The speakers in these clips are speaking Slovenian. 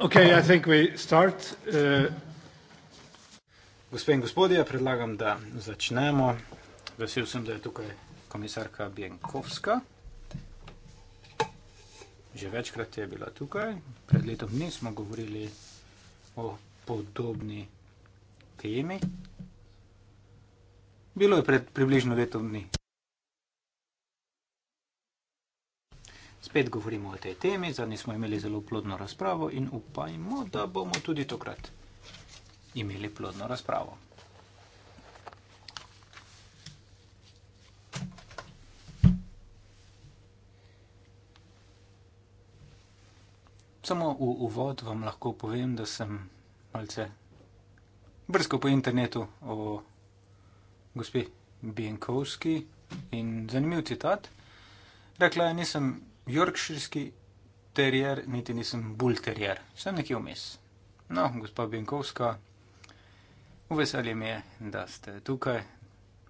Okay, I think we start. Uh... Gospe in gospodje, predlagam, da začnemo. Vesel sem, da je tukaj komisarka Bjenkovska. Že večkrat je bila tukaj. Pred letom dni smo govorili o podobni temi. Bilo je pred približno letom dni. spet govorimo o tej temi, zadnji smo imeli zelo plodno razpravo in upajmo, da bomo tudi tokrat imeli plodno razpravo. Samo v uvod vam lahko povem, da sem malce brskal po internetu o gospe Bienkovski in zanimiv citat. Rekla je, nisem jorkširski terjer, niti nisem bul terjer, sem nekje vmes. No, gospod Bjankovska, uveselje mi je, da ste tukaj.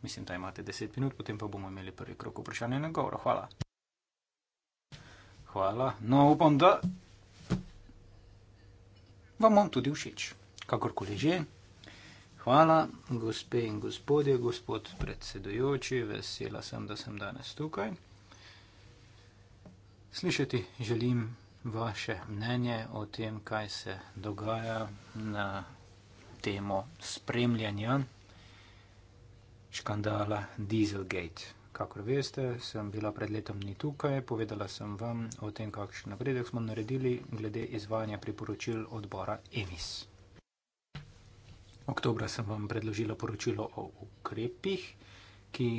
Mislim, da imate 10 minut, potem pa bomo imeli prvi krok vprašanja in govora. Hvala. Hvala. No, upam, da vam bom tudi všeč. Kakorkoli že. Hvala, gospe in gospodje, gospod predsedujoči, vesela sem, da sem danes tukaj slišati želim vaše mnenje o tem, kaj se dogaja na temo spremljanja škandala Dieselgate. Kakor veste, sem bila pred letom ni tukaj, povedala sem vam o tem, kakšen napredek smo naredili glede izvajanja priporočil odbora EMIS. Oktobra sem vam predložila poročilo o ukrepih, ki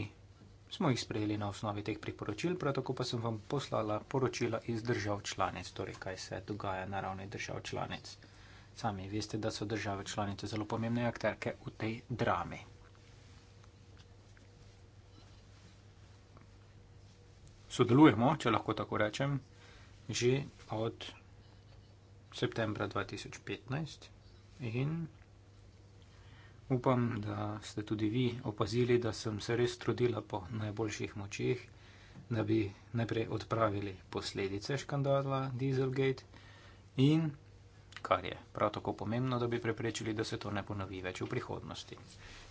smo jih sprejeli na osnovi teh priporočil, prav tako pa sem vam poslala poročila iz držav članic, torej kaj se dogaja na ravni držav članic. Sami veste, da so države članice zelo pomembne akterke v tej drami. Sodelujemo, če lahko tako rečem, že od septembra 2015 in Upam, da ste tudi vi opazili, da sem se res trudila po najboljših močeh, da bi najprej odpravili posledice škandala Dieselgate in, kar je prav tako pomembno, da bi preprečili, da se to ne ponovi več v prihodnosti.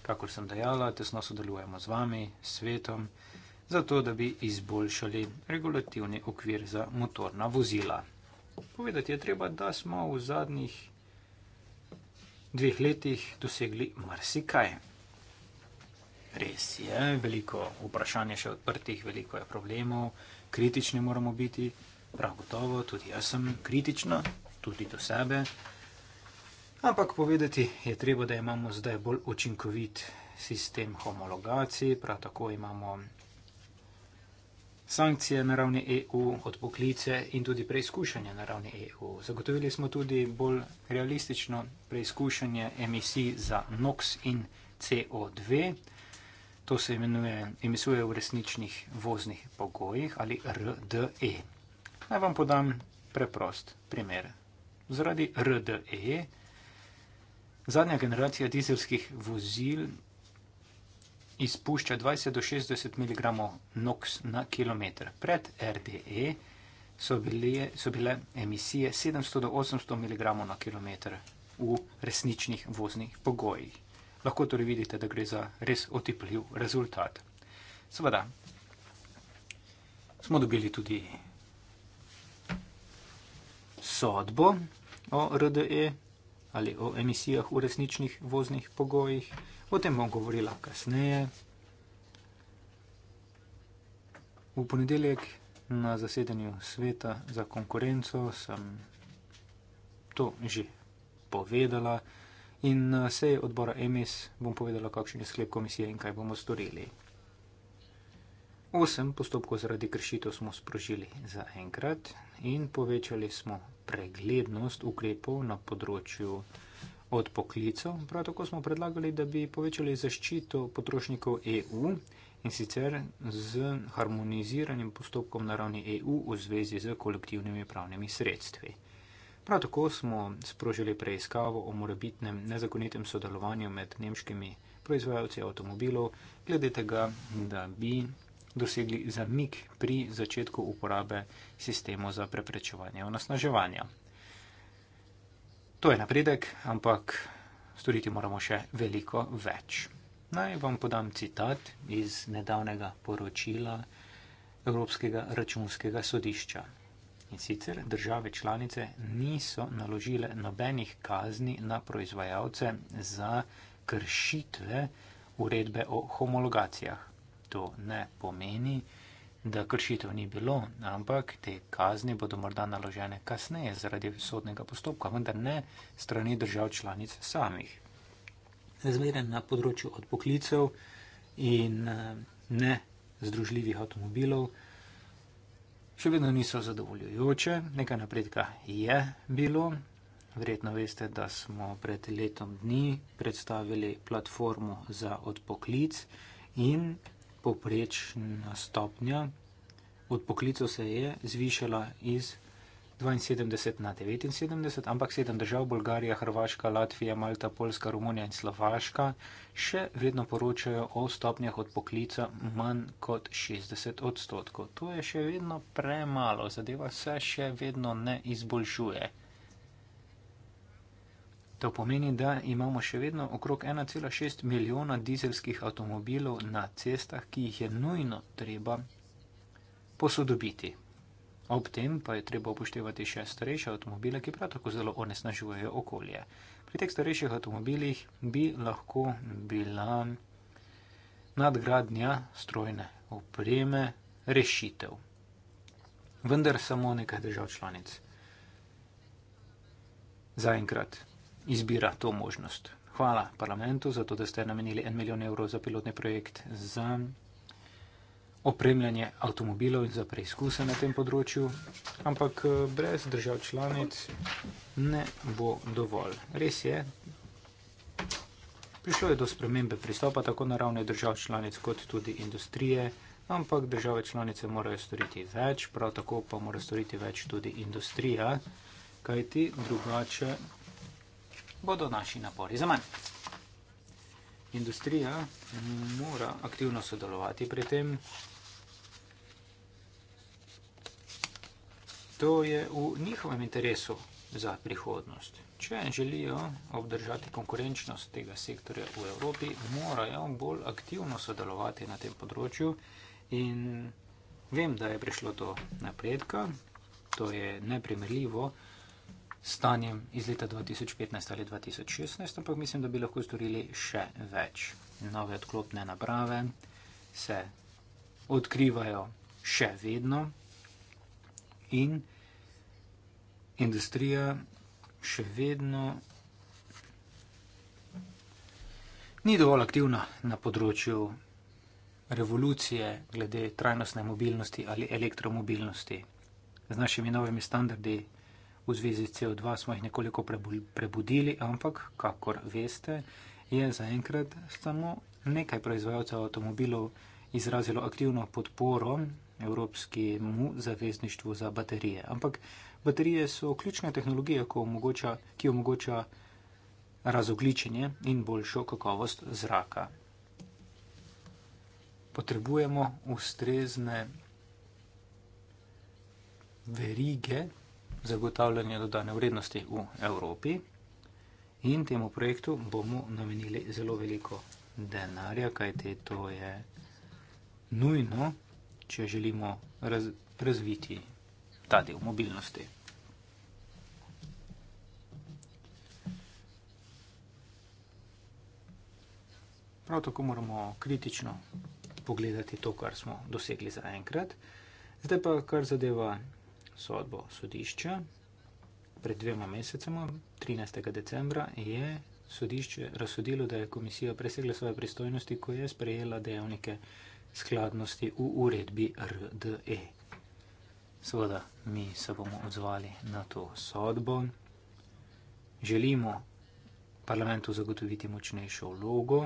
Kakor sem dejala, tesno sodelujemo z vami, svetom, zato da bi izboljšali regulativni okvir za motorna vozila. Povedati je treba, da smo v zadnjih dveh letih dosegli marsikaj. Res je, veliko vprašanj je še odprtih, veliko je problemov, kritični moramo biti, prav gotovo, tudi jaz sem kritična, tudi do sebe. Ampak povedati je treba, da imamo zdaj bolj učinkovit sistem homologacij, prav tako imamo sankcije na ravni EU, odpoklice in tudi preizkušanje na ravni EU. Zagotovili smo tudi bolj realistično preizkušanje emisij za NOx in CO2. To se imenuje emisije v resničnih voznih pogojih ali RDE. Naj vam podam preprost primer. Zaradi RDE zadnja generacija dizelskih vozil izpušča 20 do 60 mg NOx na kilometr. Pred RDE so bile, so bile emisije 700 do 800 mg na kilometr v resničnih voznih pogojih. Lahko torej vidite, da gre za res otipljiv rezultat. Seveda, smo dobili tudi sodbo o RDE ali o emisijah v resničnih voznih pogojih. Potem bom govorila kasneje. V ponedeljek na zasedanju sveta za konkurenco sem to že povedala in na seji odbora EMIS bom povedala, kakšen je sklep komisije in kaj bomo storili. Osem postopkov zaradi kršitev smo sprožili zaenkrat in povečali smo preglednost ukrepov na področju od poklicov. Prav tako smo predlagali, da bi povečali zaščito potrošnikov EU in sicer z harmoniziranjem postopkov na ravni EU v zvezi z kolektivnimi pravnimi sredstvi. Prav tako smo sprožili preiskavo o morebitnem nezakonitem sodelovanju med nemškimi proizvajalci avtomobilov, glede tega, da bi dosegli zamik pri začetku uporabe sistemov za preprečevanje onasnaževanja. To je napredek, ampak storiti moramo še veliko več. Naj vam podam citat iz nedavnega poročila Evropskega računskega sodišča. In sicer države članice niso naložile nobenih kazni na proizvajalce za kršitve uredbe o homologacijah. To ne pomeni, da da kršitev ni bilo, ampak te kazni bodo morda naložene kasneje zaradi sodnega postopka, vendar ne strani držav članic samih. Razmere na področju odpoklicev in eh, ne združljivih avtomobilov še vedno niso zadovoljujoče, nekaj napredka je bilo. Verjetno veste, da smo pred letom dni predstavili platformo za odpoklic in povprečna stopnja od poklicov se je zvišala iz 72 na 79, ampak sedem držav, Bolgarija, Hrvaška, Latvija, Malta, Poljska, Romunija in Slovaška, še vedno poročajo o stopnjah od poklica manj kot 60 odstotkov. To je še vedno premalo, zadeva se še vedno ne izboljšuje. To pomeni, da imamo še vedno okrog 1,6 milijona dizelskih avtomobilov na cestah, ki jih je nujno treba posodobiti. Ob tem pa je treba upoštevati še starejše avtomobile, ki prav tako zelo onesnažujejo okolje. Pri teh starejših avtomobilih bi lahko bila nadgradnja strojne opreme rešitev. Vendar samo nekaj držav članic. Zaenkrat izbira to možnost. Hvala parlamentu za to, da ste namenili en milijon evrov za pilotni projekt za opremljanje avtomobilov in za preizkuse na tem področju, ampak eh, brez držav članic ne bo dovolj. Res je, prišlo je do spremembe pristopa tako na ravni držav članic kot tudi industrije, ampak države članice morajo storiti več, prav tako pa mora storiti več tudi industrija, kajti drugače bodo naši napori za manj. Industrija mora aktivno sodelovati pri tem. To je v njihovem interesu za prihodnost. Če želijo obdržati konkurenčnost tega sektorja v Evropi, morajo bolj aktivno sodelovati na tem področju in vem, da je prišlo do napredka. To je neprimerljivo stanjem iz leta 2015 ali 2016, ampak mislim, da bi lahko storili še več. Nove odklopne naprave se odkrivajo še vedno in industrija še vedno ni dovolj aktivna na področju revolucije glede trajnostne mobilnosti ali elektromobilnosti. Z našimi novimi standardi v zvezi CO2 smo jih nekoliko prebudili, ampak, kakor veste, je zaenkrat samo nekaj proizvajalcev avtomobilov izrazilo aktivno podporo Evropskemu zavezništvu za baterije. Ampak baterije so ključna tehnologija, omogoča, ki omogoča razogličenje in boljšo kakovost zraka. Potrebujemo ustrezne verige zagotavljanje dodane vrednosti v Evropi. In temu projektu bomo namenili zelo veliko denarja, kajte to je nujno, če želimo raz razviti ta del mobilnosti. Prav tako moramo kritično pogledati to, kar smo dosegli zaenkrat. Zdaj pa kar zadeva sodbo sodišča pred dvema mesecema, 13. decembra, je sodišče razsodilo, da je komisija presegla svoje pristojnosti, ko je sprejela dejavnike skladnosti v uredbi RDE. Seveda, mi se bomo odzvali na to sodbo. Želimo parlamentu zagotoviti močnejšo vlogo,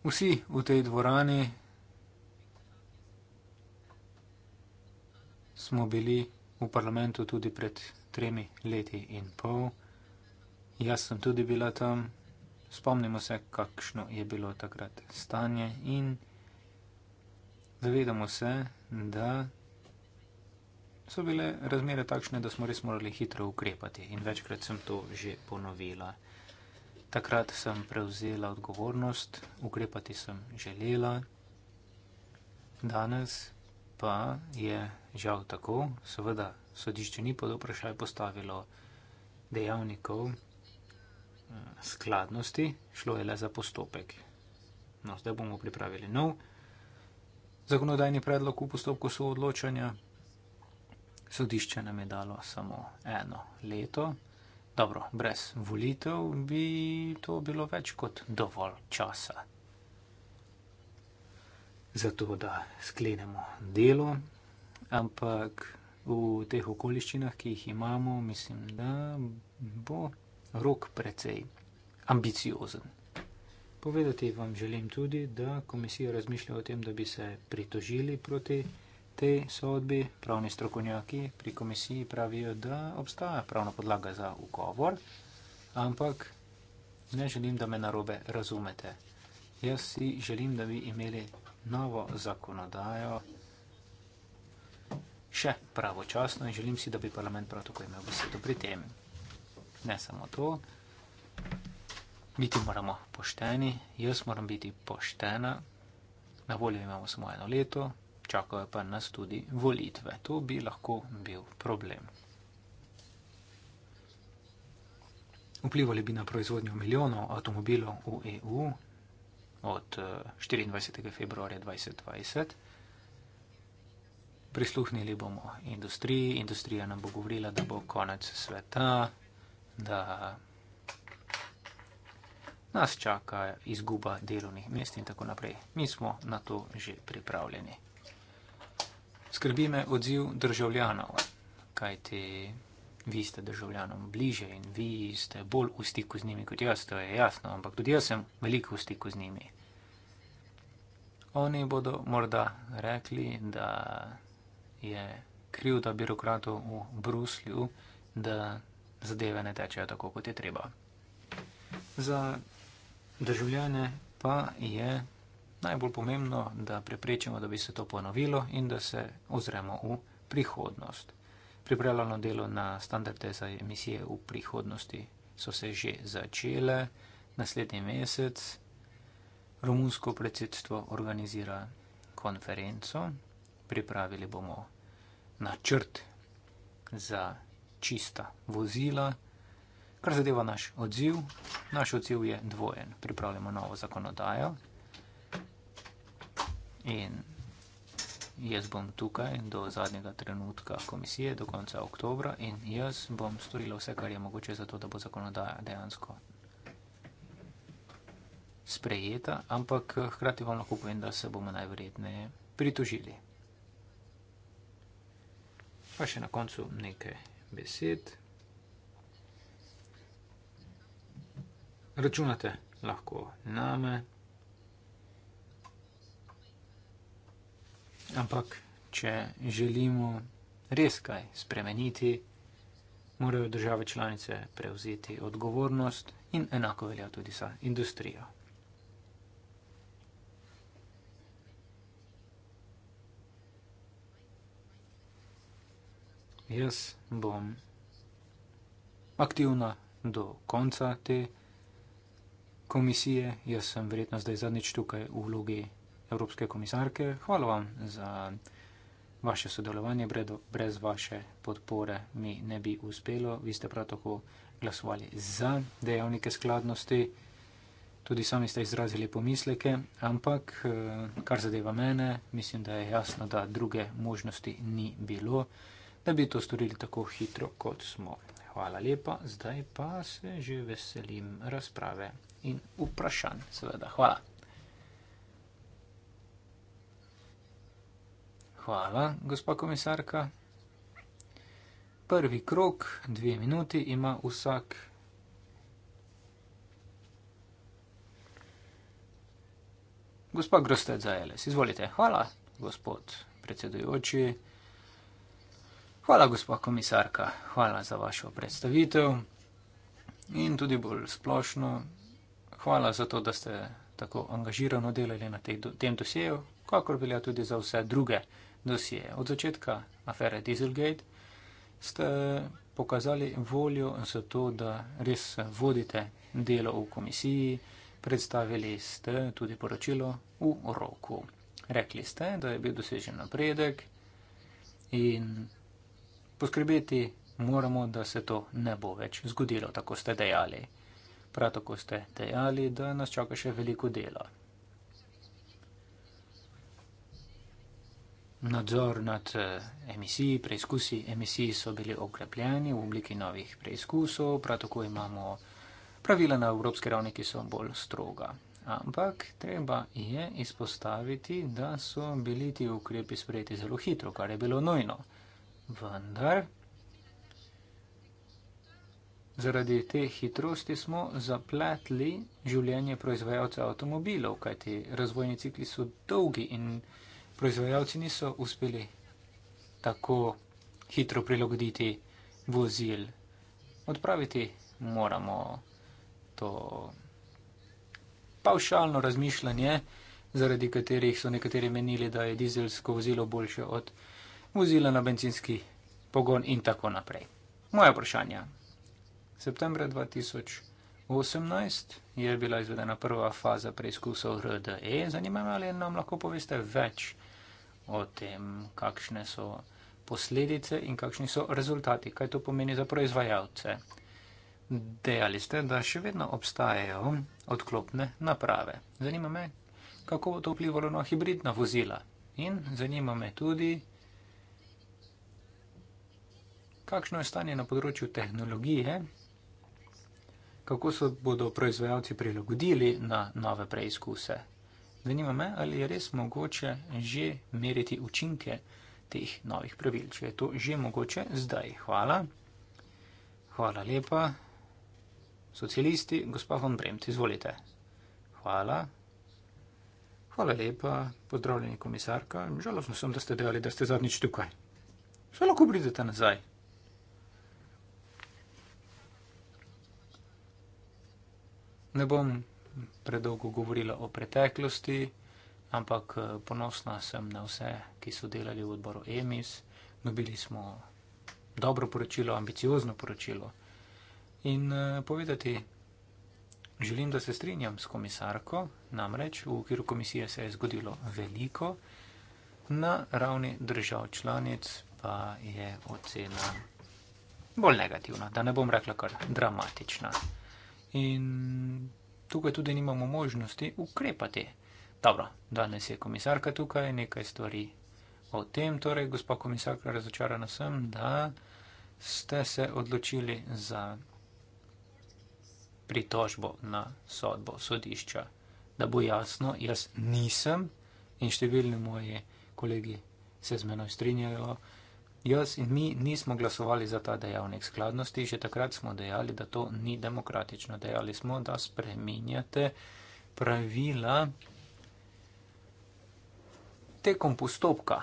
vsi v tej dvorani smo bili v parlamentu tudi pred tremi leti in pol. Jaz sem tudi bila tam. Spomnimo se, kakšno je bilo takrat stanje in zavedamo se, da so bile razmere takšne, da smo res morali hitro ukrepati in večkrat sem to že ponovila. Takrat sem prevzela odgovornost, ukrepati sem želela. Danes pa je žal tako, seveda sodišče ni pod vprašaj postavilo dejavnikov eh, skladnosti, šlo je le za postopek. No, zdaj bomo pripravili nov zakonodajni predlog v postopku soodločanja. Sodišče nam je dalo samo eno leto, Dobro, brez volitev bi to bilo več kot dovolj časa. Zato, da sklenemo delo, ampak v teh okoliščinah, ki jih imamo, mislim, da bo rok precej ambiciozen. Povedati vam želim tudi, da komisija razmišlja o tem, da bi se pritožili proti tej sodbi pravni strokovnjaki pri komisiji pravijo, da obstaja pravna podlaga za ugovor, ampak ne želim, da me narobe razumete. Jaz si želim, da bi imeli novo zakonodajo še pravočasno in želim si, da bi parlament prav tako imel besedo pri tem. Ne samo to, biti moramo pošteni, jaz moram biti poštena, na voljo imamo samo eno leto, čakajo pa nas tudi volitve. To bi lahko bil problem. Vplivali bi na proizvodnjo milijonov avtomobilov v EU od 24. Eh, februarja 2020. Prisluhnili bomo industriji, industrija nam bo govorila, da bo konec sveta, da nas čaka izguba delovnih mest in tako naprej. Mi smo na to že pripravljeni. Skrbi me odziv državljanov, kajti vi ste državljanom bliže in vi ste bolj v stiku z njimi kot jaz, to je jasno, ampak tudi jaz sem veliko v stiku z njimi. Oni bodo morda rekli, da je krivda birokratov v Bruslju, da zadeve ne tečejo tako, kot je treba. Za državljane pa je Najbolj pomembno, da preprečimo, da bi se to ponovilo in da se ozremo v prihodnost. Pripravljeno delo na standarde za emisije v prihodnosti so se že začele. Naslednji mesec romunsko predsedstvo organizira konferenco. Pripravili bomo načrt za čista vozila. Kar zadeva naš odziv, naš odziv je dvojen. Pripravljamo novo zakonodajo, In jaz bom tukaj do zadnjega trenutka komisije, do konca oktobra, in jaz bom storila vse, kar je mogoče, zato da bo zakonodaja dejansko sprejeta, ampak hkrati vam lahko povem, da se bomo najverjetneje pritožili. Pa še na koncu nekaj besed. Računate lahko name. Ampak, če želimo res kaj spremeniti, morajo države članice prevzeti odgovornost in enako velja tudi za industrijo. Jaz bom aktivna do konca te komisije. Jaz sem verjetno zdaj zadnjič tukaj v vlogi Evropske komisarke, hvala vam za vaše sodelovanje. Brez vaše podpore mi ne bi uspelo. Vi ste prav tako glasovali za dejavnike skladnosti. Tudi sami ste izrazili pomisleke, ampak eh, kar zadeva mene, mislim, da je jasno, da druge možnosti ni bilo, da bi to storili tako hitro, kot smo. Hvala lepa, zdaj pa se že veselim razprave in vprašanj, seveda. Hvala. Hvala, gospa komisarka. Prvi krok, dve minuti ima vsak. Gospa Grosted Zajeles, izvolite. Hvala, gospod predsedujoči. Hvala, gospa komisarka, hvala za vašo predstavitev in tudi bolj splošno hvala za to, da ste tako angažirano delali na tem dosjeju, kakor velja tudi za vse druge dosije. Od začetka afere Dieselgate ste pokazali voljo za to, da res vodite delo v komisiji, predstavili ste tudi poročilo v roku. Rekli ste, da je bil dosežen napredek in poskrbeti moramo, da se to ne bo več zgodilo, tako ste dejali. Prav tako ste dejali, da nas čaka še veliko dela. nadzor nad eh, emisiji, preizkusi emisiji so bili okrepljeni v obliki novih preizkusov, prav tako imamo pravila na evropski ravni, ki so bolj stroga. Ampak treba je izpostaviti, da so bili ti ukrepi sprejeti zelo hitro, kar je bilo nojno. Vendar, zaradi te hitrosti smo zapletli življenje proizvajalcev avtomobilov, kajti razvojni cikli so dolgi in proizvajalci niso uspeli tako hitro prilagoditi vozil. Odpraviti moramo to pavšalno razmišljanje, zaradi katerih so nekateri menili, da je dizelsko vozilo boljše od vozila na benzinski pogon in tako naprej. Moja vprašanja. Septembra 2018 je bila izvedena prva faza preizkusov RDE. Zanima me, ali nam lahko poveste več o tem, kakšne so posledice in kakšni so rezultati, kaj to pomeni za proizvajalce. Dejali ste, da še vedno obstajajo odklopne naprave. Zanima me, kako bo to vplivalo na hibridna vozila in zanima me tudi, kakšno je stanje na področju tehnologije, kako se bodo proizvajalci prilagodili na nove preizkuse. Zanima me, ali je res mogoče že meriti učinke teh novih pravil. Če je to že mogoče, zdaj. Hvala. Hvala lepa. Socialisti, gospod von Bremt, izvolite. Hvala. Hvala lepa, pozdravljeni komisarka. Žalostno sem, da ste dejali, da ste zadnjič tukaj. Še lahko pridete nazaj. Ne bom predolgo govorila o preteklosti, ampak eh, ponosna sem na vse, ki so delali v odboru EMIS. Dobili smo dobro poročilo, ambiciozno poročilo. In eh, povedati, želim, da se strinjam s komisarko, namreč v okviru komisije se je zgodilo veliko, na ravni držav članic pa je ocena bolj negativna, da ne bom rekla kar dramatična. In tukaj tudi nimamo možnosti ukrepati. Dobro, danes je komisarka tukaj, nekaj stvari o tem. Torej, gospa komisarka, razočarana sem, da ste se odločili za pritožbo na sodbo sodišča. Da bo jasno, jaz nisem in številni moji kolegi se z menoj strinjajo, Jaz in mi nismo glasovali za ta dejavnik skladnosti, že takrat smo dejali, da to ni demokratično. Dejali smo, da spreminjate pravila tekom postopka.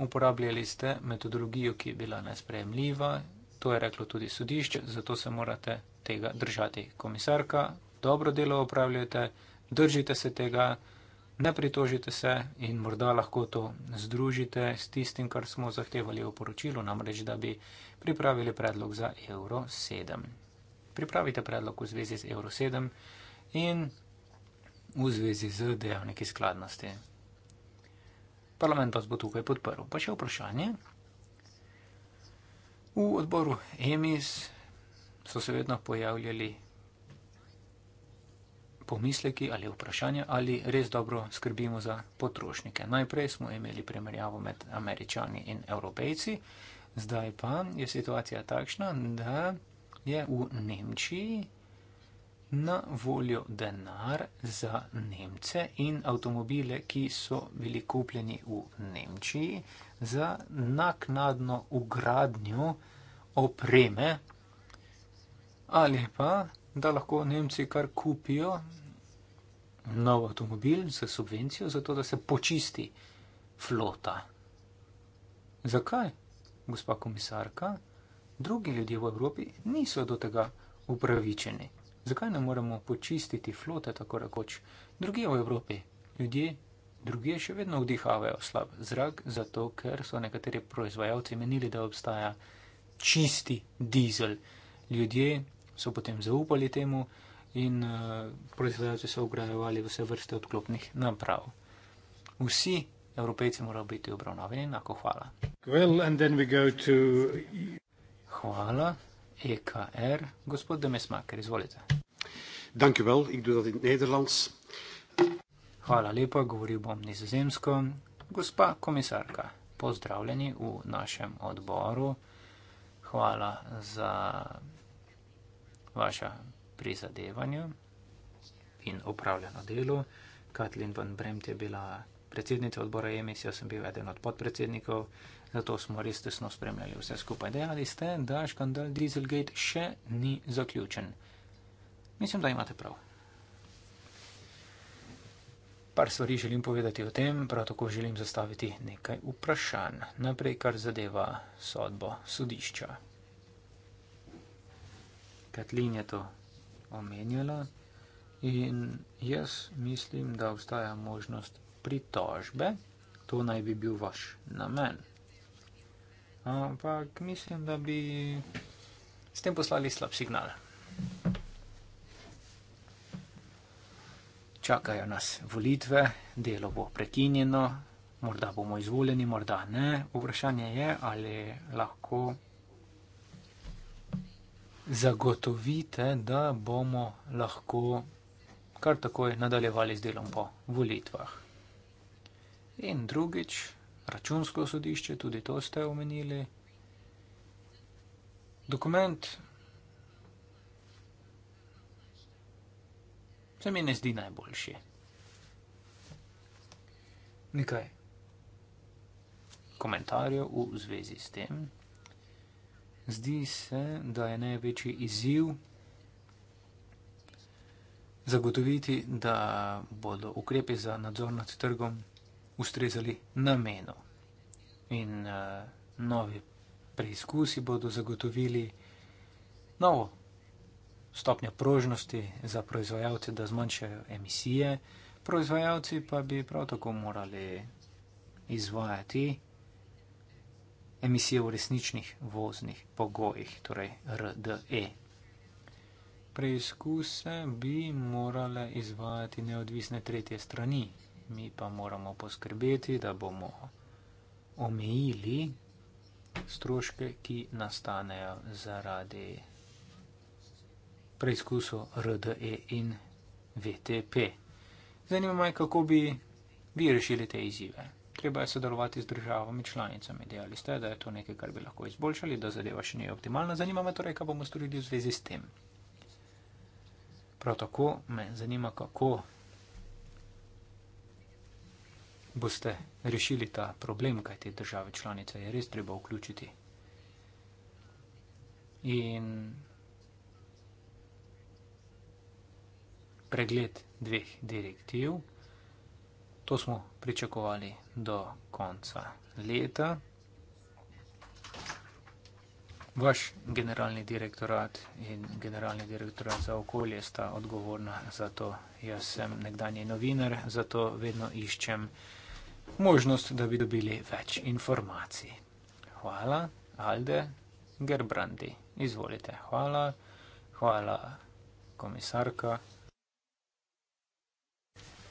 Uporabljali ste metodologijo, ki je bila nespremljiva, to je reklo tudi sodišče, zato se morate tega držati. Komisarka, dobro delo upravljate, držite se tega ne pritožite se in morda lahko to združite s tistim, kar smo zahtevali v poročilu, namreč da bi pripravili predlog za Euro 7. Pripravite predlog v zvezi z Euro 7 in v zvezi z dejavniki skladnosti. Parlament vas bo tukaj podprl. Pa še vprašanje. V odboru EMIS so se vedno pojavljali pomisleki ali vprašanje, ali res dobro skrbimo za potrošnike. Najprej smo imeli primerjavo med američani in evropejci, zdaj pa je situacija takšna, da je v Nemčiji na voljo denar za Nemce in avtomobile, ki so bili kupljeni v Nemčiji za naknadno ugradnjo opreme ali pa da lahko Nemci kar kupijo nov avtomobil za subvencijo, zato da se počisti flota. Zakaj, gospa komisarka, drugi ljudje v Evropi niso do tega upravičeni? Zakaj ne moremo počistiti flote tako rekoč? Drugi v Evropi, ljudje, drugi še vedno vdihavajo slab zrak, zato ker so nekateri proizvajalci menili, da obstaja čisti dizel. Ljudje so potem zaupali temu, in uh, proizvajalci so ugrajevali vse vrste odklopnih naprav. Vsi evropejci morajo biti obravnavani enako. Hvala. Well, to... Hvala, EKR, gospod Demesmaker, izvolite. Well. Ik doe dat in Hvala lepa, govoril bom nizozemsko. Gospa komisarka, pozdravljeni v našem odboru. Hvala za vaša prizadevanju in opravljeno delo. Katlin van Bremt je bila predsednica odbora EMS, jaz sem bil eden od podpredsednikov, zato smo res tesno spremljali vse skupaj. Dejali ste, da škandal Dieselgate še ni zaključen. Mislim, da imate prav. Par stvari želim povedati o tem, prav tako želim zastaviti nekaj vprašanj. Najprej, kar zadeva sodbo sodišča. Katlin je to omenjala. In jaz mislim, da obstaja možnost pritožbe, to naj bi bil vaš namen. Ampak mislim, da bi s tem poslali slab signal. Čakajo nas volitve, delo bo prekinjeno, morda bomo izvoljeni, morda ne. Vprašanje je, ali lahko zagotovite, da bomo lahko kar takoj nadaljevali z delom po volitvah. In drugič, računsko sodišče, tudi to ste omenili. Dokument se mi ne zdi najboljši. Nekaj komentarjev v zvezi s tem. Zdi se, da je največji izziv zagotoviti, da bodo ukrepe za nadzor nad trgom ustrezali namenu. In uh, novi preizkusi bodo zagotovili novo stopnjo prožnosti za proizvajalce, da zmanjšajo emisije, proizvajalci pa bi prav tako morali izvajati emisije v resničnih voznih pogojih, torej RDE. Preizkuse bi morale izvajati neodvisne tretje strani, mi pa moramo poskrbeti, da bomo omejili stroške, ki nastanejo zaradi preizkusu RDE in VTP. Zanima me, kako bi vi rešili te izzive treba je sodelovati z državami članicami. Dejali ste, da je to nekaj, kar bi lahko izboljšali, da zadeva še ni optimalna. Zanima me torej, kaj bomo storili v zvezi s tem. Prav tako me zanima, kako boste rešili ta problem, kaj te države članice je res treba vključiti. In pregled dveh direktiv. To smo pričakovali do konca leta. Vaš generalni direktorat in generalni direktorat za okolje sta odgovorna za to. Jaz sem nekdanji novinar, zato vedno iščem možnost, da bi dobili več informacij. Hvala, Alde Gerbrandi. Izvolite. Hvala, hvala, komisarka.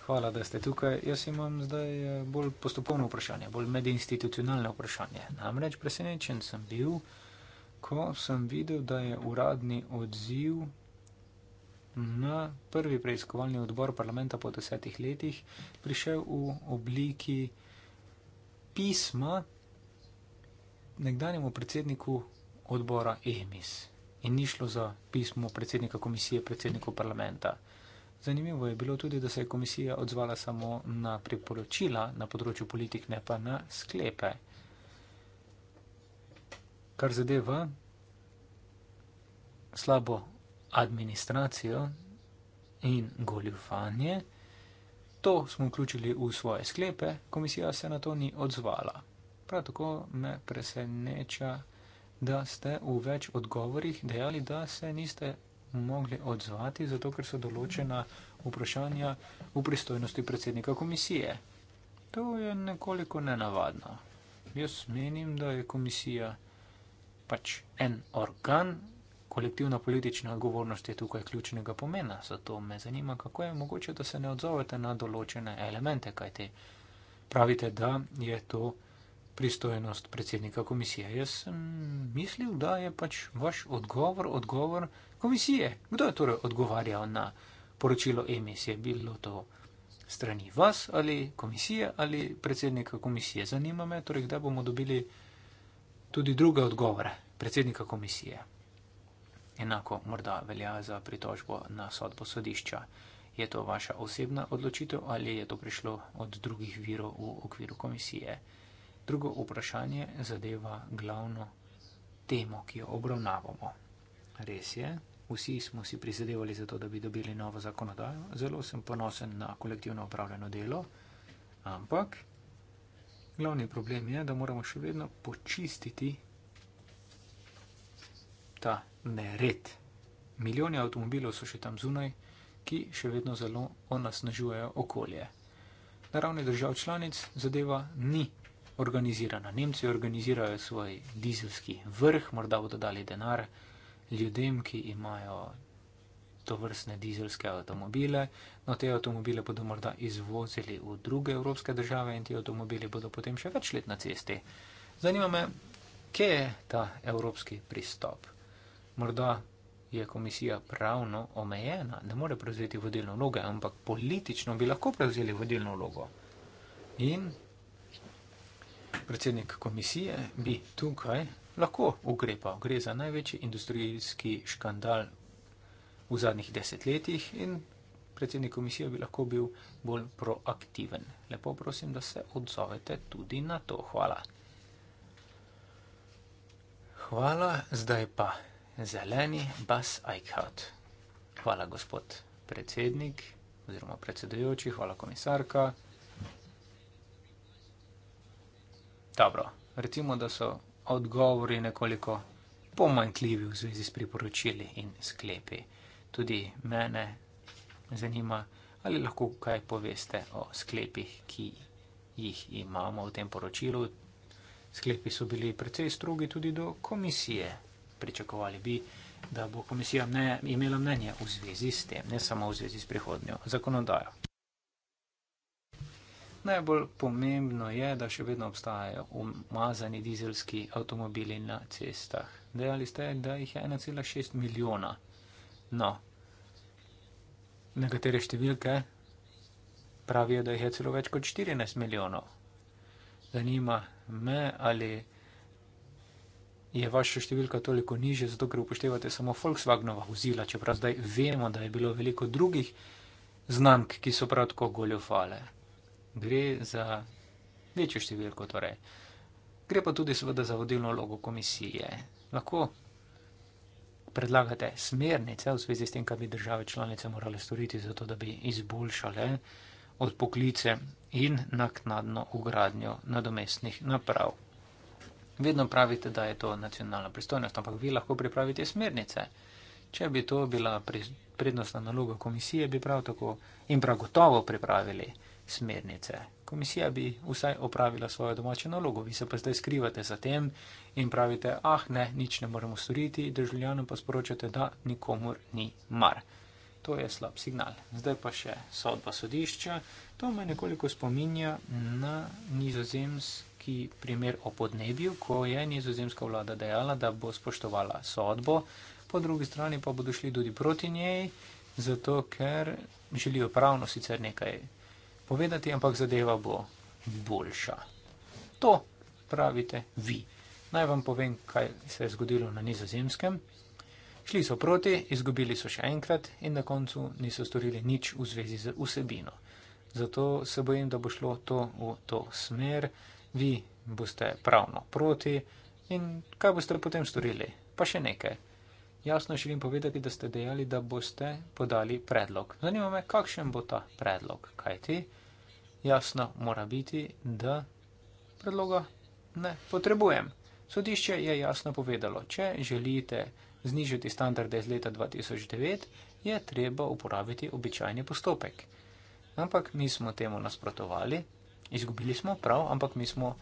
Hvala, da ste tukaj. Jaz imam zdaj eh, bolj postopovno vprašanje, bolj medinstitucionalno vprašanje. Namreč presenečen sem bil, ko sem videl, da je uradni odziv na prvi preiskovalni odbor parlamenta po desetih letih prišel v obliki pisma nekdanjemu predsedniku odbora EMIS. In ni šlo za pismo predsednika komisije, predsedniku parlamenta. Zanimivo je bilo tudi, da se je komisija odzvala samo na priporočila na področju politik, ne pa na sklepe. Kar zadeva slabo administracijo in goljufanje, to smo vključili v svoje sklepe, komisija se na to ni odzvala. Prav tako me preseneča, da ste v več odgovorih dejali, da se niste mogli odzvati, zato ker so določena vprašanja v pristojnosti predsednika komisije. To je nekoliko nenavadno. Jaz menim, da je komisija pač en organ, kolektivna politična odgovornost je tukaj ključnega pomena. Zato me zanima, kako je mogoče, da se ne odzovete na določene elemente, kajte pravite, da je to pristojnost predsednika komisije. Jaz sem mislil, da je pač vaš odgovor odgovor odgovor komisije. Kdo je torej odgovarjal na poročilo emisije? Bilo to strani vas ali komisije ali predsednika komisije? Zanima me, torej, kdaj bomo dobili tudi druge odgovore predsednika komisije. Enako morda velja za pritožbo na sodbo sodišča. Je to vaša osebna odločitev ali je to prišlo od drugih virov v okviru komisije? Drugo vprašanje zadeva glavno temo, ki jo obravnavamo. Res je, vsi smo si prizadevali za to, da bi dobili novo zakonodajo. Zelo sem ponosen na kolektivno upravljeno delo, ampak glavni problem je, da moramo še vedno počistiti ta nered. Milijoni avtomobilov so še tam zunaj, ki še vedno zelo onasnažujejo okolje. Na ravni držav članic zadeva ni. Organizirana. Nemci organizirajo svoj dizelski vrh, morda bodo dali denar, ljudem, ki imajo to vrstne dizelske avtomobile. No, te avtomobile bodo morda izvozili v druge evropske države in ti avtomobili bodo potem še več let na cesti. Zanima me, kje je ta evropski pristop? Morda je komisija pravno omejena, ne more prevzeti vodilno vlogo, ampak politično bi lahko prevzeli vodilno vlogo. In predsednik komisije bi tukaj lahko ukrepal. Gre za največji industrijski škandal v zadnjih desetletjih in predsednik komisije bi lahko bil bolj proaktiven. Lepo prosim, da se odzovete tudi na to. Hvala. Hvala, zdaj pa zeleni Bas Eichhout. Hvala, gospod predsednik oziroma predsedujoči, hvala komisarka. Dobro, recimo, da so odgovori nekoliko pomankljivi v zvezi s priporočili in sklepi. Tudi mene zanima, ali lahko kaj poveste o sklepih, ki jih imamo v tem poročilu. Sklepi so bili precej strogi tudi do komisije. Pričakovali bi, da bo komisija mne, imela mnenje v zvezi s tem, ne samo v zvezi s prihodnjo zakonodajo najbolj pomembno je, da še vedno obstajajo umazani dizelski avtomobili na cestah. Dejali ste, da jih je 1,6 milijona. No, nekatere številke pravijo, da jih je celo več kot 14 milijonov. Zanima me, ali je vaša številka toliko nižja, zato ker upoštevate samo Volkswagenova vozila, čeprav zdaj vemo, da je bilo veliko drugih znamk, ki so prav tako goljofale gre za večjo številko. Torej. Gre pa tudi seveda za vodilno logo komisije. Lahko predlagate smernice v zvezi s tem, kaj bi države članice morale storiti, zato da bi izboljšale odpoklice in naknadno ugradnjo nadomestnih naprav. Vedno pravite, da je to nacionalna pristojnost, ampak vi lahko pripravite smernice. Če bi to bila prednostna naloga komisije, bi prav tako in prav gotovo pripravili smernice. Komisija bi vsaj opravila svojo domačo nalogo, vi se pa zdaj skrivate za tem in pravite, ah ne, nič ne moremo storiti, državljanom pa sporočate, da nikomur ni mar. To je slab signal. Zdaj pa še sodba sodišča. To me nekoliko spominja na nizozemski primer o podnebju, ko je nizozemska vlada dejala, da bo spoštovala sodbo, po drugi strani pa bodo šli tudi proti njej, zato ker želijo pravno sicer nekaj povedati, ampak zadeva bo boljša. To pravite vi. Naj vam povem, kaj se je zgodilo na nizozemskem. Šli so proti, izgubili so še enkrat in na koncu niso storili nič v zvezi z vsebino. Zato se bojim, da bo šlo to v to smer, vi boste pravno proti in kaj boste potem storili? Pa še nekaj. Jasno želim povedati, da ste dejali, da boste podali predlog. Zanima me, kakšen bo ta predlog, kaj ti? jasno mora biti, da predloga ne potrebujem. Sodišče je jasno povedalo, če želite znižati standarde iz leta 2009, je treba uporabiti običajni postopek. Ampak mi smo temu nasprotovali, izgubili smo prav, ampak mi smo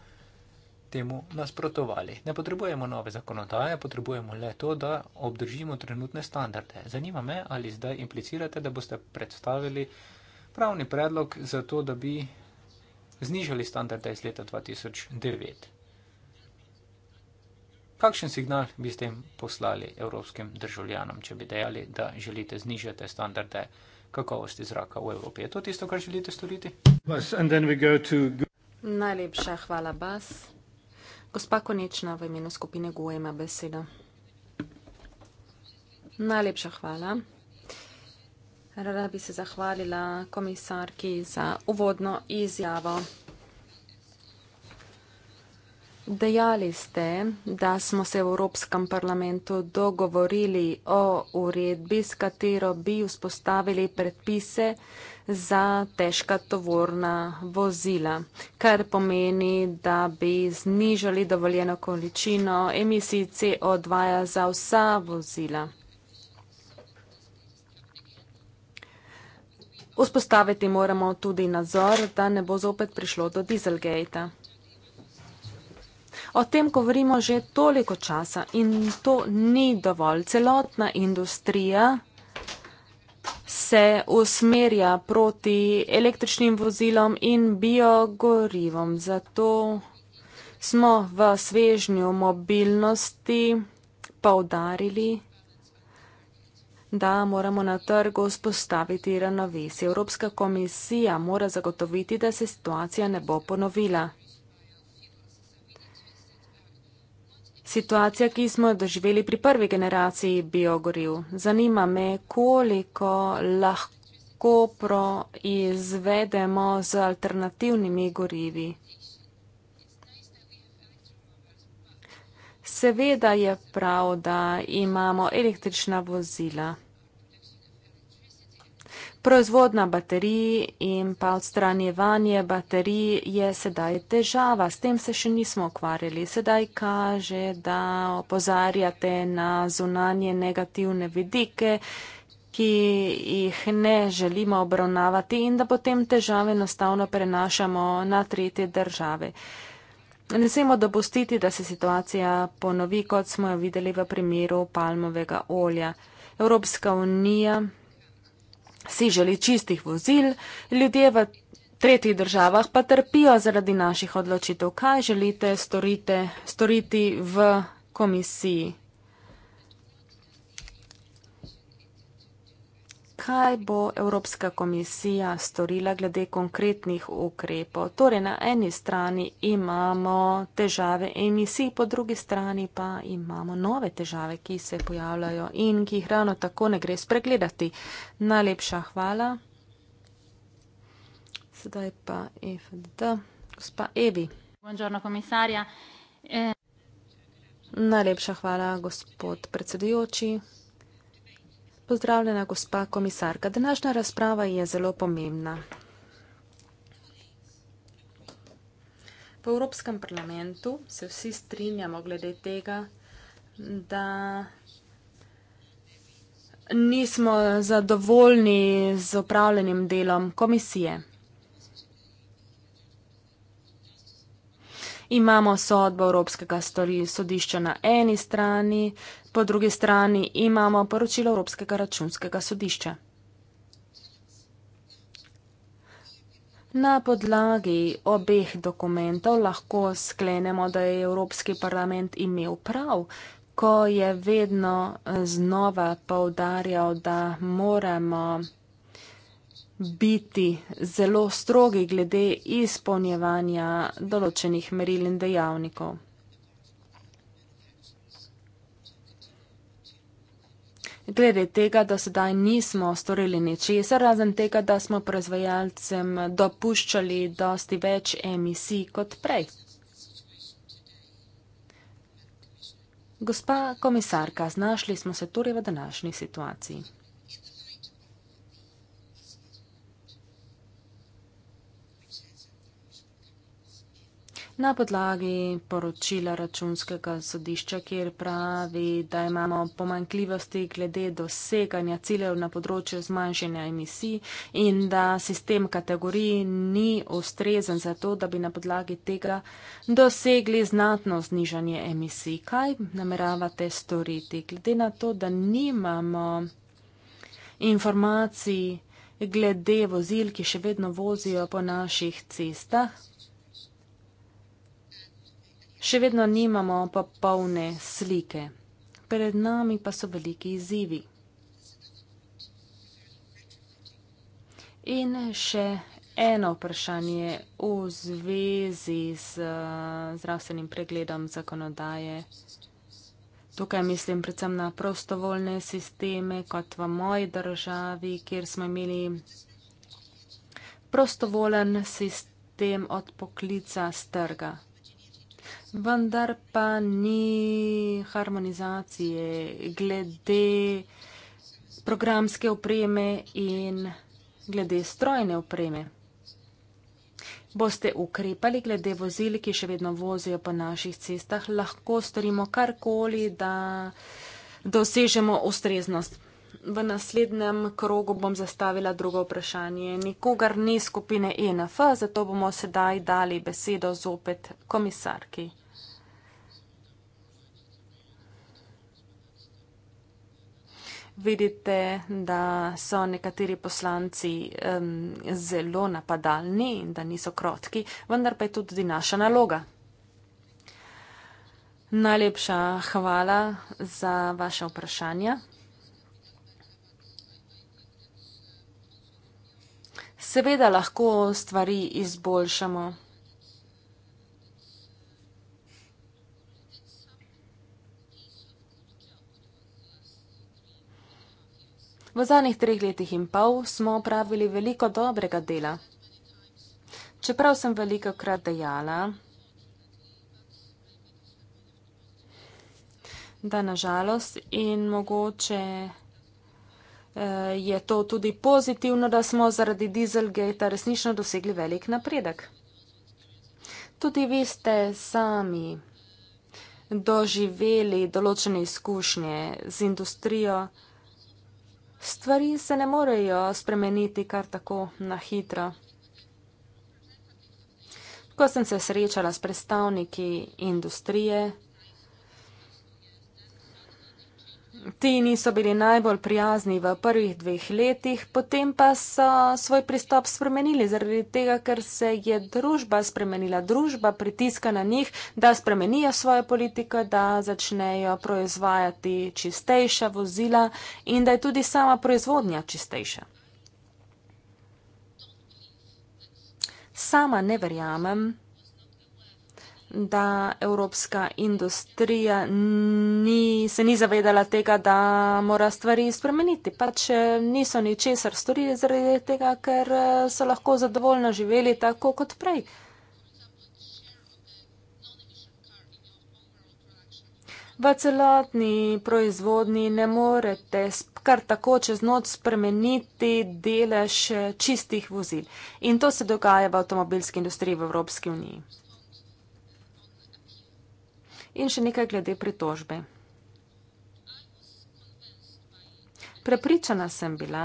temu nasprotovali. Ne potrebujemo nove zakonodaje, potrebujemo le to, da obdržimo trenutne standarde. Zanima me, ali zdaj implicirate, da boste predstavili pravni predlog za to, da bi znižali standarde iz leta 2009. Kakšen signal bi s tem poslali evropskim državljanom, če bi dejali, da želite znižati standarde kakovosti zraka v Evropi? Je to tisto, kar želite storiti? Najlepša hvala, Bas. Gospa Konečna v imenu skupine GUE ima besedo. Najlepša hvala. Rada bi se zahvalila komisarki za uvodno izjavo. Dejali ste, da smo se v Evropskem parlamentu dogovorili o uredbi, s katero bi vzpostavili predpise za težka tovorna vozila, kar pomeni, da bi znižali dovoljeno količino emisij CO2 ja za vsa vozila. Vzpostaviti moramo tudi nadzor, da ne bo zopet prišlo do dieselgate. O tem govorimo že toliko časa in to ni dovolj. Celotna industrija se usmerja proti električnim vozilom in biogorivom. Zato smo v svežnju mobilnosti poudarili, da moramo na trgu spostaviti ravnovesje. Evropska komisija mora zagotoviti, da se situacija ne bo ponovila. Situacija, ki smo jo doživeli pri prvi generaciji biogoriv. Zanima me, koliko lahko pro izvedemo z alternativnimi gorivi. Seveda je prav, da imamo električna vozila, Proizvodna baterij in pa odstranjevanje baterij je sedaj težava. S tem se še nismo ukvarjali. Sedaj kaže, da opozarjate na zunanje negativne vidike, ki jih ne želimo obravnavati in da potem težave enostavno prenašamo na tretje države. Uh, Ne smemo dopustiti, da se situacija ponovi, kot smo jo videli v primeru palmovega olja. Evropska unija si želi čistih vozil, ljudje v tretjih državah pa trpijo zaradi naših odločitev. Kaj želite storite, storiti v komisiji? kaj bo Evropska komisija storila glede konkretnih ukrepov. Torej, na eni strani imamo težave emisij, po drugi strani pa imamo nove težave, ki se pojavljajo in ki jih ravno tako ne gre spregledati. Najlepša hvala. Sedaj pa FD, gospa Evi. Buongiorno, komisarja. Eh. Najlepša hvala, gospod predsedujoči. Pozdravljena, gospa komisarka. Današnja razprava je zelo pomembna. V Evropskem parlamentu se vsi strinjamo glede tega, da nismo zadovoljni z opravljenim delom komisije. imamo sodbo Evropskega sodišča na eni strani, po drugi strani imamo poročilo Evropskega računskega sodišča. Na podlagi obeh dokumentov lahko sklenemo, da je Evropski parlament imel prav, ko je vedno znova poudarjal, da moramo biti zelo strogi glede izpolnjevanja določenih meril in dejavnikov. Glede tega, da sedaj nismo storili ničesar, razen tega, da smo proizvajalcem dopuščali dosti več emisij kot prej. Gospa komisarka, znašli smo se torej v današnji situaciji. na podlagi poročila računskega sodišča, kjer pravi, da imamo pomankljivosti glede doseganja ciljev na področju zmanjšanja emisij in da sistem kategorij ni ustrezen za to, da bi na podlagi tega dosegli znatno znižanje emisij. Kaj nameravate storiti? Glede na to, da nimamo informacij glede vozil, ki še vedno vozijo po naših cestah, še vedno nimamo popolne slike. Pred nami pa so veliki izzivi. In še eno vprašanje v zvezi z eh, zdravstvenim pregledom zakonodaje. Tukaj mislim predvsem na prostovoljne sisteme, kot v moji državi, kjer smo imeli prostovoljen sistem od poklica strga vendar pa ni harmonizacije glede programske opreme in glede strojne opreme. Boste ukrepali glede vozil, ki še vedno vozijo po naših cestah, lahko storimo karkoli, da dosežemo ustreznost v naslednjem krogu bom zastavila drugo vprašanje. Nikogar ni skupine ENF, zato bomo sedaj dali besedo zopet komisarki. Vidite, da so nekateri poslanci um, zelo napadalni in da niso krotki, vendar pa je to tudi naša naloga. Najlepša hvala za vaše vprašanje. seveda lahko stvari izboljšamo. V zadnjih treh letih in pol smo opravili veliko dobrega dela. Čeprav sem veliko krat dejala, da nažalost in mogoče Eh, je to tudi pozitivno, da smo zaradi Dieselgate resnično dosegli velik napredek. Tudi vi ste sami doživeli določene izkušnje z industrijo. Stvari se ne morejo spremeniti kar tako na hitro. Ko sem se srečala s predstavniki industrije, Ti niso bili najbolj prijazni v prvih dveh letih, potem pa so svoj pristop spremenili zaradi tega, ker se je družba spremenila, družba pritiska na njih, da spremenijo svojo politiko, da začnejo proizvajati čistejša vozila in da je tudi sama proizvodnja čistejša. Sama ne verjamem, da evropska industrija ni, se ni zavedala tega, da mora stvari spremeniti. Pač eh, niso ničesar storili zaradi tega, ker eh, so lahko zadovoljno živeli tako kot prej. V celotni proizvodni ne morete kar tako čez noč spremeniti delež eh, čistih vozil. In to se dogaja v avtomobilski industriji v Evropski uniji. In še nekaj glede pritožbe. Prepričana sem bila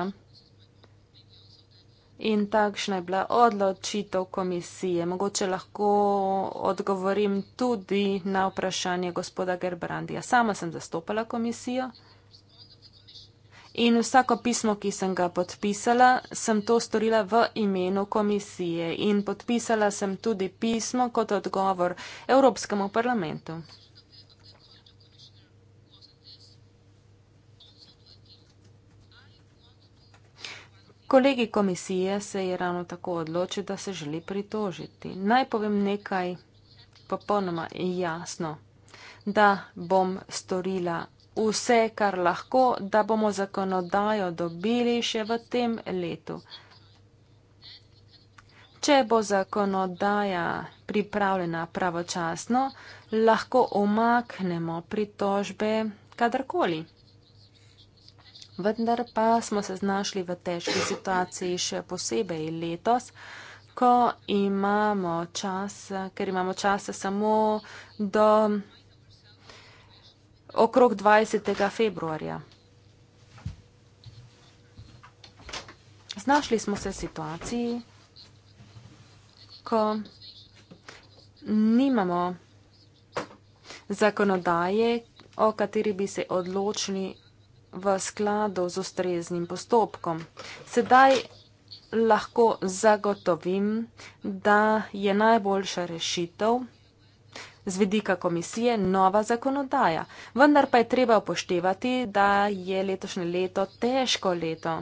in takšna je bila odločitev komisije. Mogoče lahko odgovorim tudi na vprašanje gospoda Gerbrandija. Sama sem zastopala komisijo in vsako pismo, ki sem ga podpisala, sem to storila v imenu komisije in podpisala sem tudi pismo kot odgovor Evropskemu parlamentu. kolegi komisije se je ravno tako odločil, da se želi pritožiti. Naj povem nekaj popolnoma jasno, da bom storila vse, kar lahko, da bomo zakonodajo dobili še v tem letu. Če bo zakonodaja pripravljena pravočasno, lahko omaknemo pritožbe kadarkoli. Vendar pa smo se znašli v težki situaciji še posebej letos, ko imamo čas, ker imamo čas samo do okrog 20. februarja. Znašli smo se v situaciji, ko nimamo zakonodaje, o kateri bi se odločili v skladu z ustreznim postopkom. Sedaj lahko zagotovim, da je najboljša rešitev z vidika komisije nova zakonodaja. Vendar pa je treba upoštevati, da je letošnje leto težko leto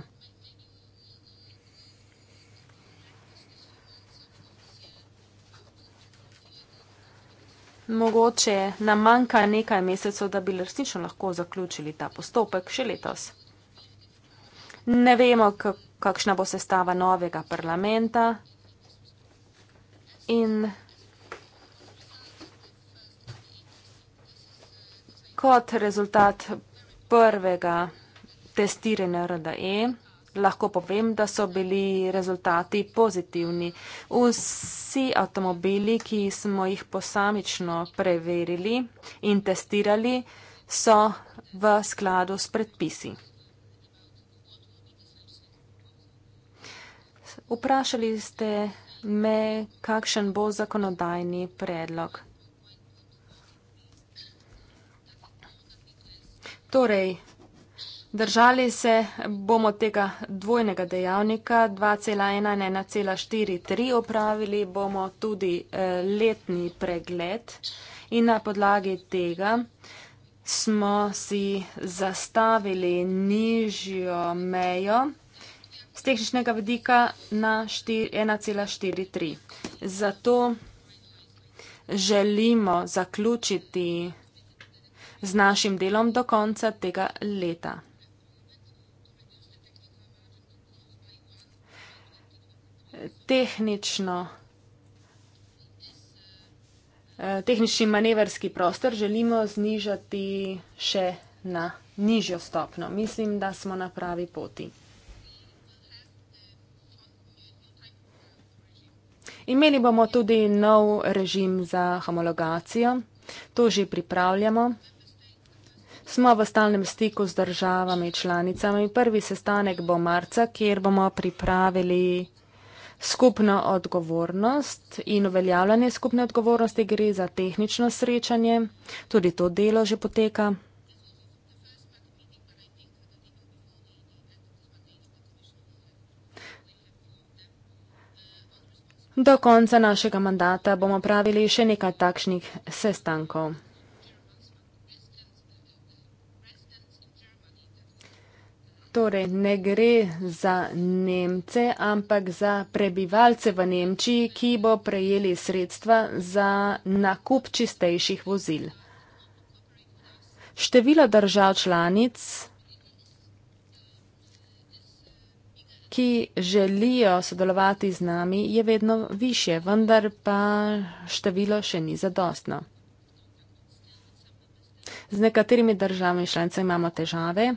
mogoče nam manjka nekaj mesecev, da bi resnično lahko zaključili ta postopek še letos. Ne vemo, kakšna bo sestava novega parlamenta in kot rezultat prvega testiranja RDE lahko povem, da so bili rezultati pozitivni. Vsi avtomobili, ki smo jih posamično preverili in testirali, so v skladu s predpisi. Vprašali ste me, kakšen bo zakonodajni predlog. Torej, Držali se bomo tega dvojnega dejavnika 2,1 in 1,43. Opravili bomo tudi eh, letni pregled in na podlagi tega smo si zastavili nižjo mejo z tehničnega vidika na 1,43. Zato želimo zaključiti z našim delom do konca tega leta. tehnično, eh, tehnični manevrski prostor želimo znižati še na nižjo stopno. Mislim, da smo na pravi poti. Imeli bomo tudi nov režim za homologacijo. To že pripravljamo. Smo v stalnem stiku z državami članicami. Prvi sestanek bo marca, kjer bomo pripravili skupna odgovornost in uveljavljanje skupne odgovornosti gre za tehnično srečanje. Tudi to delo že poteka. Do konca našega mandata bomo pravili še nekaj takšnih sestankov. Torej, ne gre za Nemce, ampak za prebivalce v Nemčiji, ki bo prejeli sredstva za nakup čistejših vozil. Število držav članic, ki želijo sodelovati z nami, je vedno više, vendar pa število še ni zadostno. Z nekaterimi državami članice imamo težave.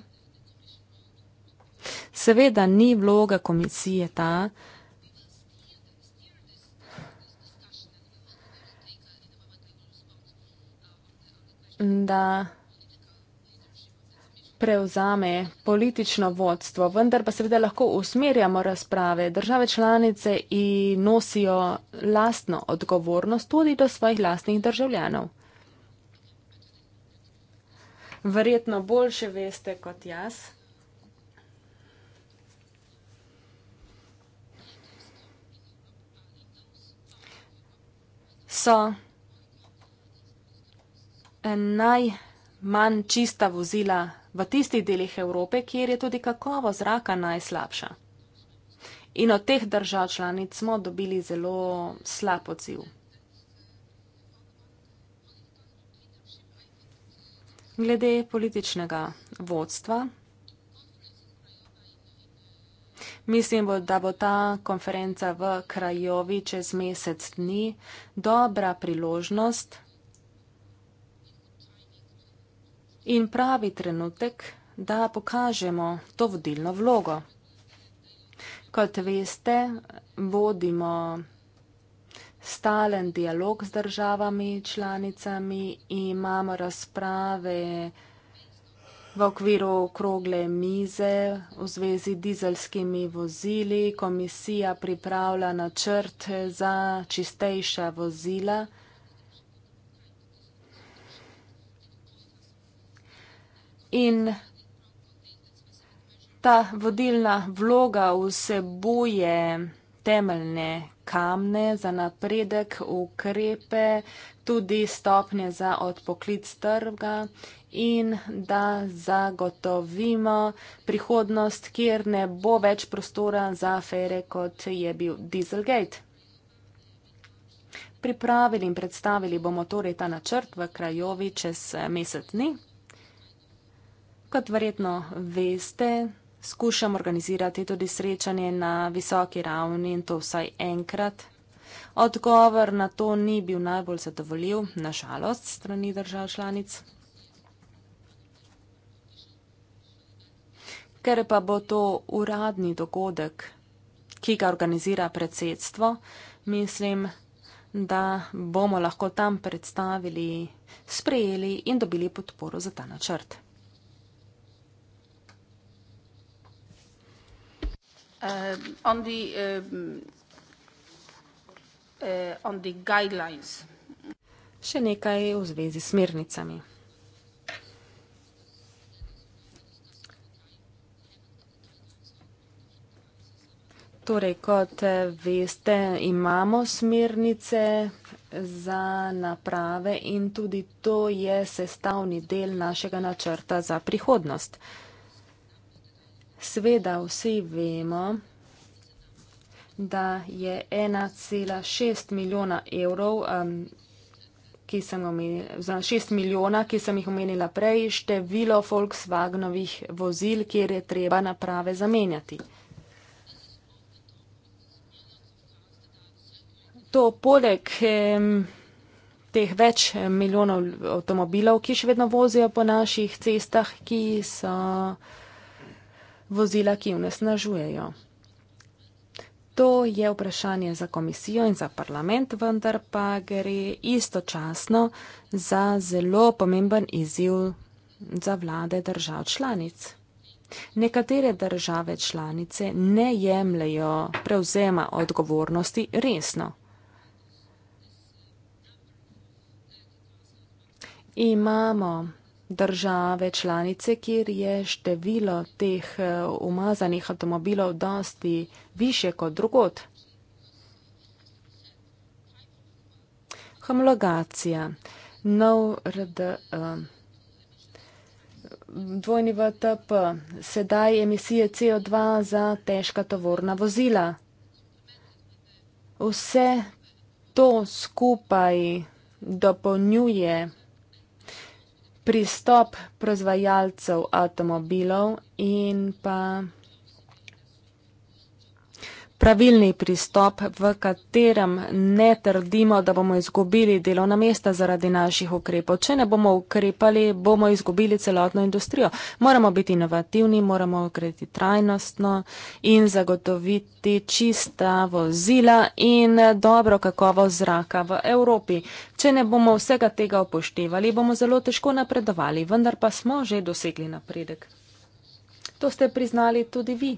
Seveda ni vloga komisije ta, da prevzame politično vodstvo, vendar pa seveda lahko usmerjamo razprave. Države članice nosijo lastno odgovornost tudi do svojih lastnih državljanov. Verjetno boljše veste kot jaz. so najmanj čista vozila v tistih delih Evrope, kjer je tudi kakovo zraka najslabša. In od teh držav članic smo dobili zelo slab odziv. Glede političnega vodstva Mislim, bo, da bo ta konferenca v Krajovi čez mesec dni dobra priložnost in pravi trenutek, da pokažemo to vodilno vlogo. Kot veste, vodimo stalen dialog z državami, članicami, imamo razprave v okviru okrogle mize v zvezi dizelskimi vozili. Komisija pripravlja načrt za čistejša vozila. In ta vodilna vloga vsebuje temeljne kamne za napredek, ukrepe, tudi stopnje za odpoklic trga in da zagotovimo prihodnost, kjer ne bo več prostora za afere, kot je bil Dieselgate. Pripravili in predstavili bomo torej ta načrt v krajovi čez mesec dni. Kot verjetno veste, skušam organizirati tudi srečanje na visoki ravni in to vsaj enkrat. Odgovor na to ni bil najbolj zadovoljiv, nažalost, strani držav članic. Ker pa bo to uradni dogodek, ki ga organizira predsedstvo, mislim, da bomo lahko tam predstavili, sprejeli in dobili podporo za ta načrt. Um, um, uh, Še nekaj v zvezi s smernicami. Torej, kot eh, veste, imamo smernice za naprave in tudi to je sestavni del našega načrta za prihodnost. Sveda vsi vemo, da je 1,6 milijona evrov, um, ki sem omenila, 6 milijona, ki sem jih omenila prej, število Volkswagenovih vozil, kjer je treba naprave zamenjati. To poleg um, teh več milijonov avtomobilov, ki še vedno vozijo po naših cestah, ki so vozila, ki unesnažujejo. To je vprašanje za komisijo in za parlament, vendar pa gre istočasno za zelo pomemben izziv za vlade držav članic. Nekatere države članice ne jemljajo prevzema odgovornosti resno. Imamo države članice, kjer je število teh eh, umazanih avtomobilov dosti više kot drugot. Homologacija. Nov RD. E. Dvojni VTP. Sedaj emisije CO2 za težka tovorna vozila. Vse to skupaj dopolnjuje pristop proizvajalcev avtomobilov in pa pravilni pristop, v katerem ne trdimo, da bomo izgubili delovna mesta zaradi naših ukrepov. Če ne bomo ukrepali, bomo izgubili celotno industrijo. Moramo biti inovativni, moramo ukrepiti trajnostno in zagotoviti čista vozila in dobro kakovo zraka v Evropi. Če ne bomo vsega tega upoštevali, bomo zelo težko napredovali, vendar pa smo že dosegli napredek. To ste priznali tudi vi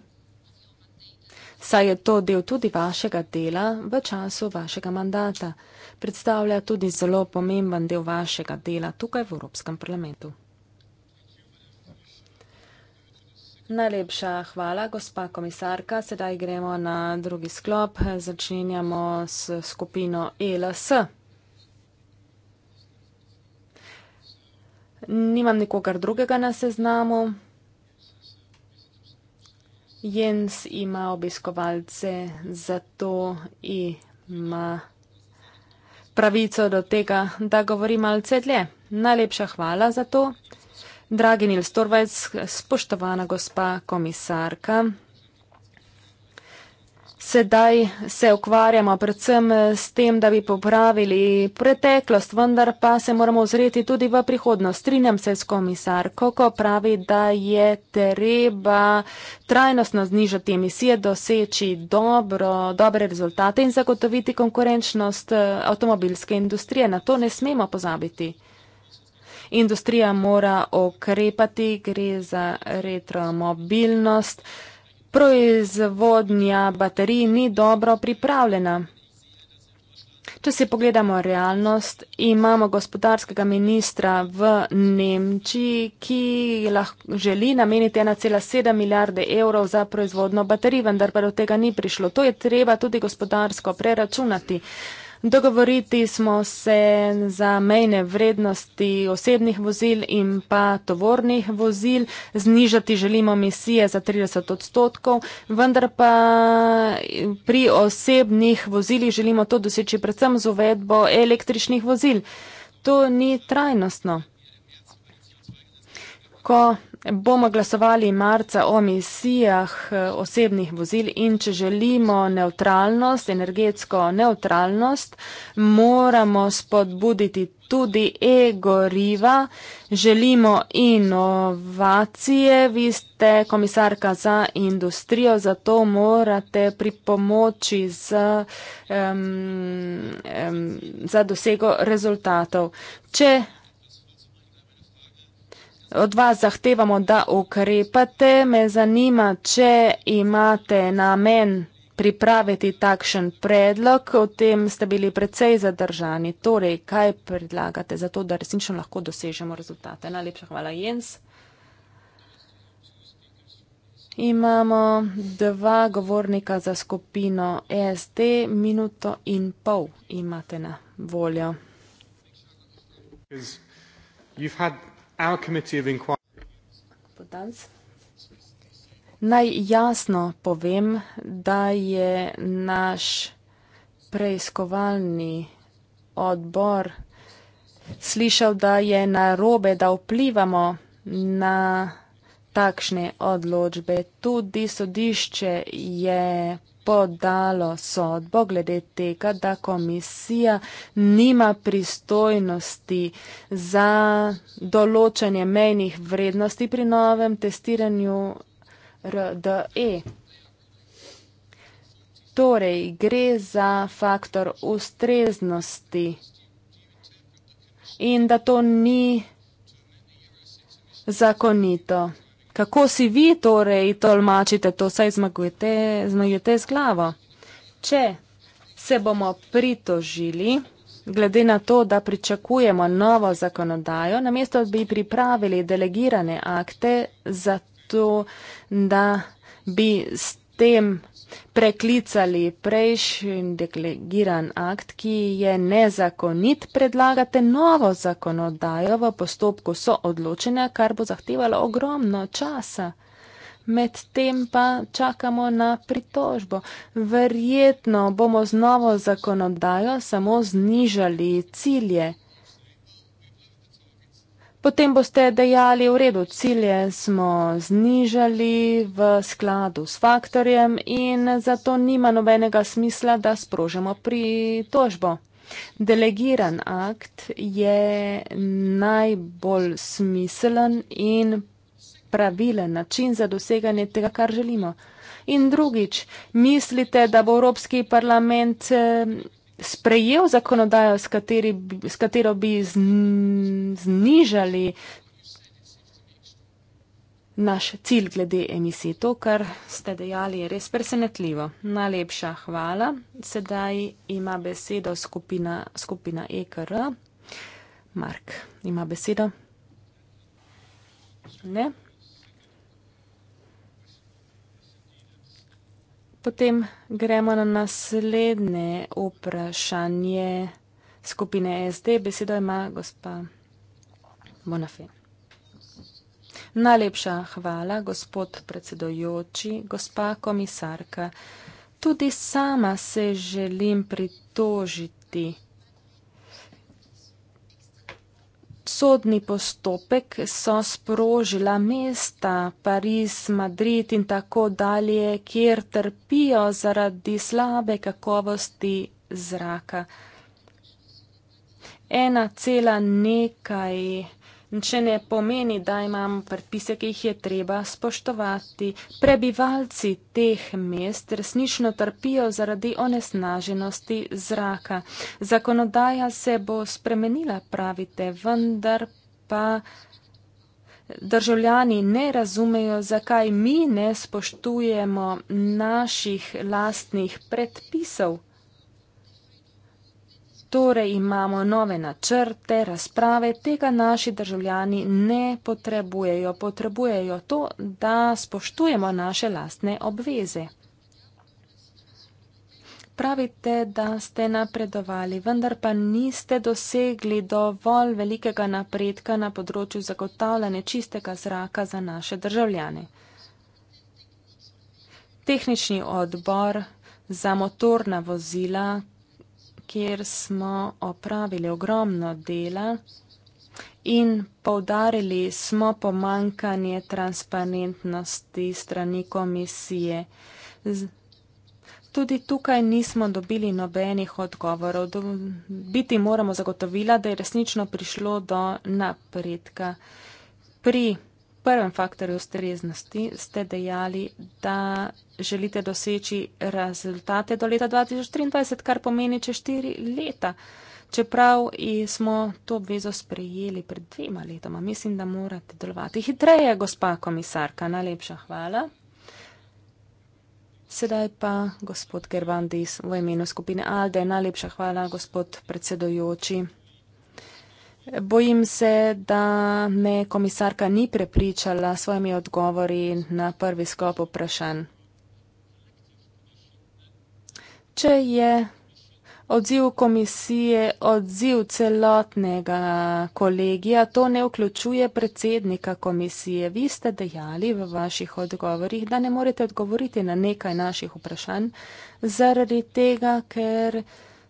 saj je to del tudi vašega dela v času vašega mandata. Predstavlja tudi zelo pomemben del vašega dela tukaj v Evropskem parlamentu. Najlepša hvala, gospa komisarka. Sedaj gremo na drugi sklop. Začenjamo s skupino ELS. Nimam nikogar drugega na seznamu. Jens ima obiskovalce, zato ima pravico do tega, da govori malce dlje. Najlepša hvala za to. Dragi Nils Torvec, spoštovana gospa komisarka sedaj se ukvarjamo predvsem s tem, da bi popravili preteklost, vendar pa se moramo ozreti tudi v prihodnost. Strinjam se s komisarko, ko pravi, da je treba trajnostno znižati emisije, doseči dobro, dobre rezultate in zagotoviti konkurenčnost eh, avtomobilske industrije. Na to ne smemo pozabiti. Industrija mora okrepati, gre za retromobilnost. mobilnost proizvodnja baterij ni dobro pripravljena. Če si pogledamo realnost, imamo gospodarskega ministra v Nemčiji, ki želi nameniti 1,7 milijarde evrov za proizvodno baterij, vendar pa do tega ni prišlo. To je treba tudi gospodarsko preračunati. Dogovoriti smo se za mejne vrednosti osebnih vozil in pa tovornih vozil. Znižati želimo misije za 30 odstotkov, vendar pa pri osebnih vozilih želimo to doseči predvsem z uvedbo električnih vozil. To ni trajnostno. Ko Bomo glasovali marca o emisijah eh, osebnih vozil in če želimo neutralnost, energetsko neutralnost, moramo spodbuditi tudi e-goriva, želimo inovacije, vi ste komisarka za industrijo, zato morate pri pomoči za, um, um, za dosego rezultatov. Če od vas zahtevamo, da ukrepate. Me zanima, če imate namen pripraviti takšen predlog, o tem ste bili precej zadržani. Torej, kaj predlagate za to, da resnično lahko dosežemo rezultate? Najlepša hvala, Jens. Imamo dva govornika za skupino SD, minuto in pol imate na voljo. Our committee of inquiry. Naj jasno povem, da je naš preiskovalni odbor slišal, da je narobe, da vplivamo na takšne odločbe. Tudi sodišče je podalo sodbo glede tega, da komisija nima pristojnosti za določanje mejnih vrednosti pri novem testiranju RDE. Torej, gre za faktor ustreznosti in da to ni zakonito kako si vi torej tolmačite to, saj zmagujete, zmagujete z glavo. Če se bomo pritožili, glede na to, da pričakujemo novo zakonodajo, namesto bi pripravili delegirane akte za to, da bi s tem preklicali prejšnji deklegiran akt, ki je nezakonit, predlagate novo zakonodajo v postopku soodločenja, kar bo zahtevalo ogromno časa. Medtem pa čakamo na pritožbo. Verjetno bomo z novo zakonodajo samo znižali cilje. Potem boste dejali, v redu, cilje smo znižali v skladu s faktorjem in zato nima nobenega smisla, da sprožemo pritožbo. Delegiran akt je najbolj smiselen in pravilen način za doseganje tega, kar želimo. In drugič, mislite, da bo Evropski parlament. Eh, sprejel zakonodajo, s, kateri, s katero bi znižali naš cilj glede emisij. To, kar ste dejali, je res presenetljivo. Najlepša hvala. Sedaj ima besedo skupina, skupina EKR. Mark, ima besedo? Ne. Potem gremo na naslednje vprašanje skupine SD. Besedo ima gospa Bonafe. Najlepša hvala, gospod predsedojoči, gospa komisarka. Tudi sama se želim pritožiti. sodni postopek so sprožila mesta Pariz, Madrid in tako dalje, kjer trpijo zaradi slabe kakovosti zraka. Ena cela nekaj če ne pomeni, da imam predpise, ki jih je treba spoštovati. Prebivalci teh mest resnično trpijo zaradi onesnaženosti zraka. Zakonodaja se bo spremenila, pravite, vendar pa. Državljani ne razumejo, zakaj mi ne spoštujemo naših lastnih predpisov torej imamo nove načrte, razprave, tega naši državljani ne potrebujejo. Potrebujejo to, da spoštujemo naše lastne obveze. Pravite, da ste napredovali, vendar pa niste dosegli dovolj velikega napredka na področju zagotavljanja čistega zraka za naše državljane. Tehnični odbor za motorna vozila, kjer smo opravili ogromno dela in povdarili smo pomankanje transparentnosti strani komisije. Tudi tukaj nismo dobili nobenih odgovorov. Biti moramo zagotovila, da je resnično prišlo do napredka. Pri prvem faktorju ustreznosti ste dejali, da želite doseči rezultate do leta 2023, kar pomeni čez štiri leta. Čeprav smo to obvezo sprejeli pred dvema letoma, mislim, da morate delovati hitreje, gospa komisarka. Najlepša hvala. Sedaj pa gospod Gervandis v imenu skupine Alde. Najlepša hvala, gospod predsedojoči. Bojim se, da me komisarka ni prepričala s svojimi odgovori na prvi sklop vprašanj. Če je odziv komisije odziv celotnega kolegija, to ne vključuje predsednika komisije. Vi ste dejali v vaših odgovorih, da ne morete odgovoriti na nekaj naših vprašanj, zaradi tega, ker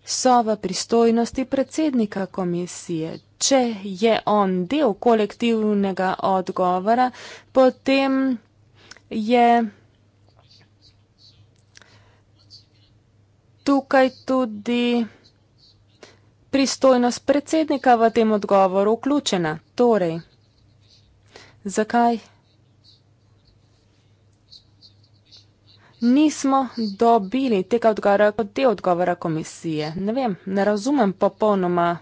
so v pristojnosti predsednika komisije. Če je on del kolektivnega odgovora, potem je tukaj tudi pristojnost predsednika v tem odgovoru vključena. Torej, zakaj? nismo dobili tega odgovora kot del odgovora komisije. Ne vem, ne razumem popolnoma,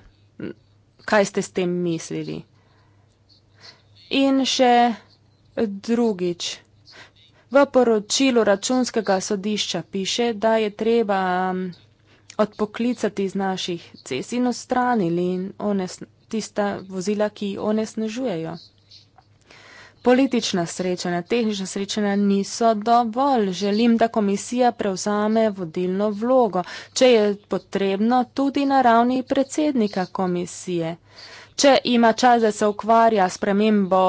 kaj ste s tem mislili. In še drugič. V poročilu računskega sodišča piše, da je treba mm, odpoklicati z naših cest in ostranili tista vozila, ki onesnežujejo. Politična srečanja, tehnična srečanja niso dovolj. Želim, da komisija prevzame vodilno vlogo, če je potrebno tudi na ravni predsednika komisije. Če ima čas, da se ukvarja s premembo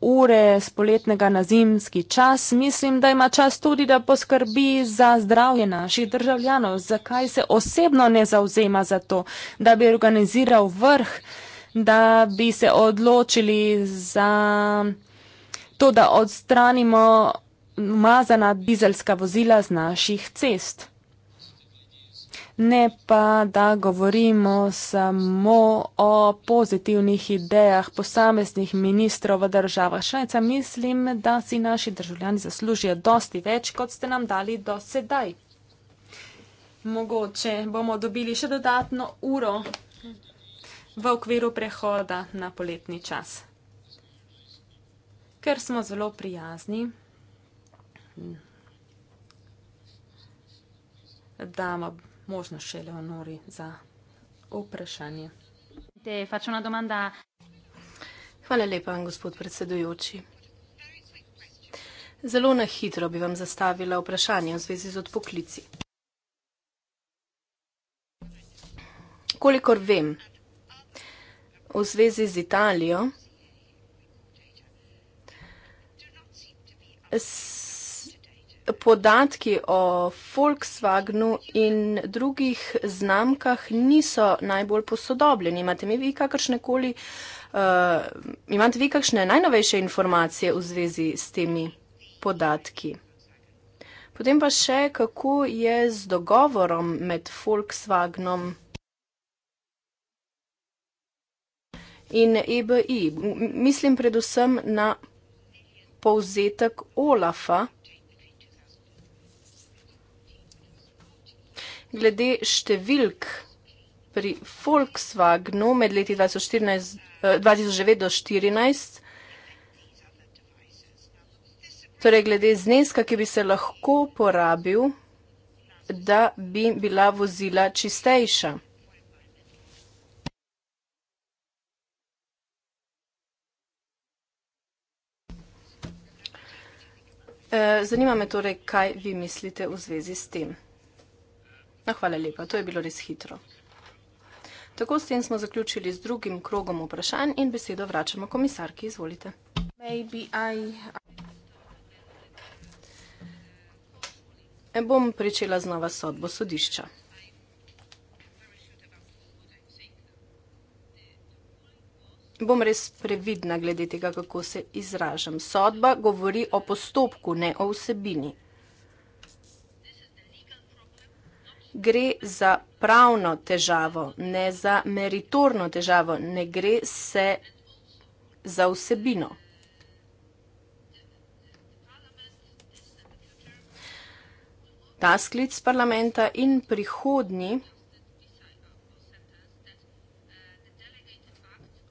ure z poletnega na zimski čas, mislim, da ima čas tudi, da poskrbi za zdravje naših državljanov. Zakaj se osebno ne zauzema za to, da bi organiziral vrh, da bi se odločili za to, da odstranimo umazana dizelska vozila z naših cest. Ne pa, da govorimo samo o pozitivnih idejah posameznih ministrov v državah članica. Mislim, da si naši državljani zaslužijo dosti več, kot ste nam dali do sedaj. Mogoče bomo dobili še dodatno uro v okviru prehoda na poletni čas ker smo zelo prijazni, damo možnost še Leonori za vprašanje. Te faccio una domanda. Hvala lepa, gospod predsedujoči. Zelo na hitro bi vam zastavila vprašanje v zvezi z odpoklici. Kolikor vem, v zvezi z Italijo podatki o Volkswagenu in drugih znamkah niso najbolj posodobljeni. Imate vi kakršne koli, uh, imate vi kakšne najnovejše informacije v zvezi s temi podatki? Potem pa še, kako je z dogovorom med Volkswagenom in EBI. Mislim predvsem na povzetek Olafa glede številk pri Volkswagenu med leti 2014, 2009-2014, eh, torej glede zneska, ki bi se lahko porabil, da bi bila vozila čistejša. Eh, zanima me torej, kaj vi mislite v zvezi s tem. No, hvala lepa, to je bilo res hitro. Tako s tem smo zaključili z drugim krogom vprašanj in besedo vračamo komisarki. Izvolite. Maybe I... Bom pričela znova sodbo sodišča. bom res previdna glede tega, kako se izražam. Sodba govori o postopku, ne o vsebini. Gre za pravno težavo, ne za meritorno težavo, ne gre se za vsebino. Ta sklic parlamenta in prihodnji.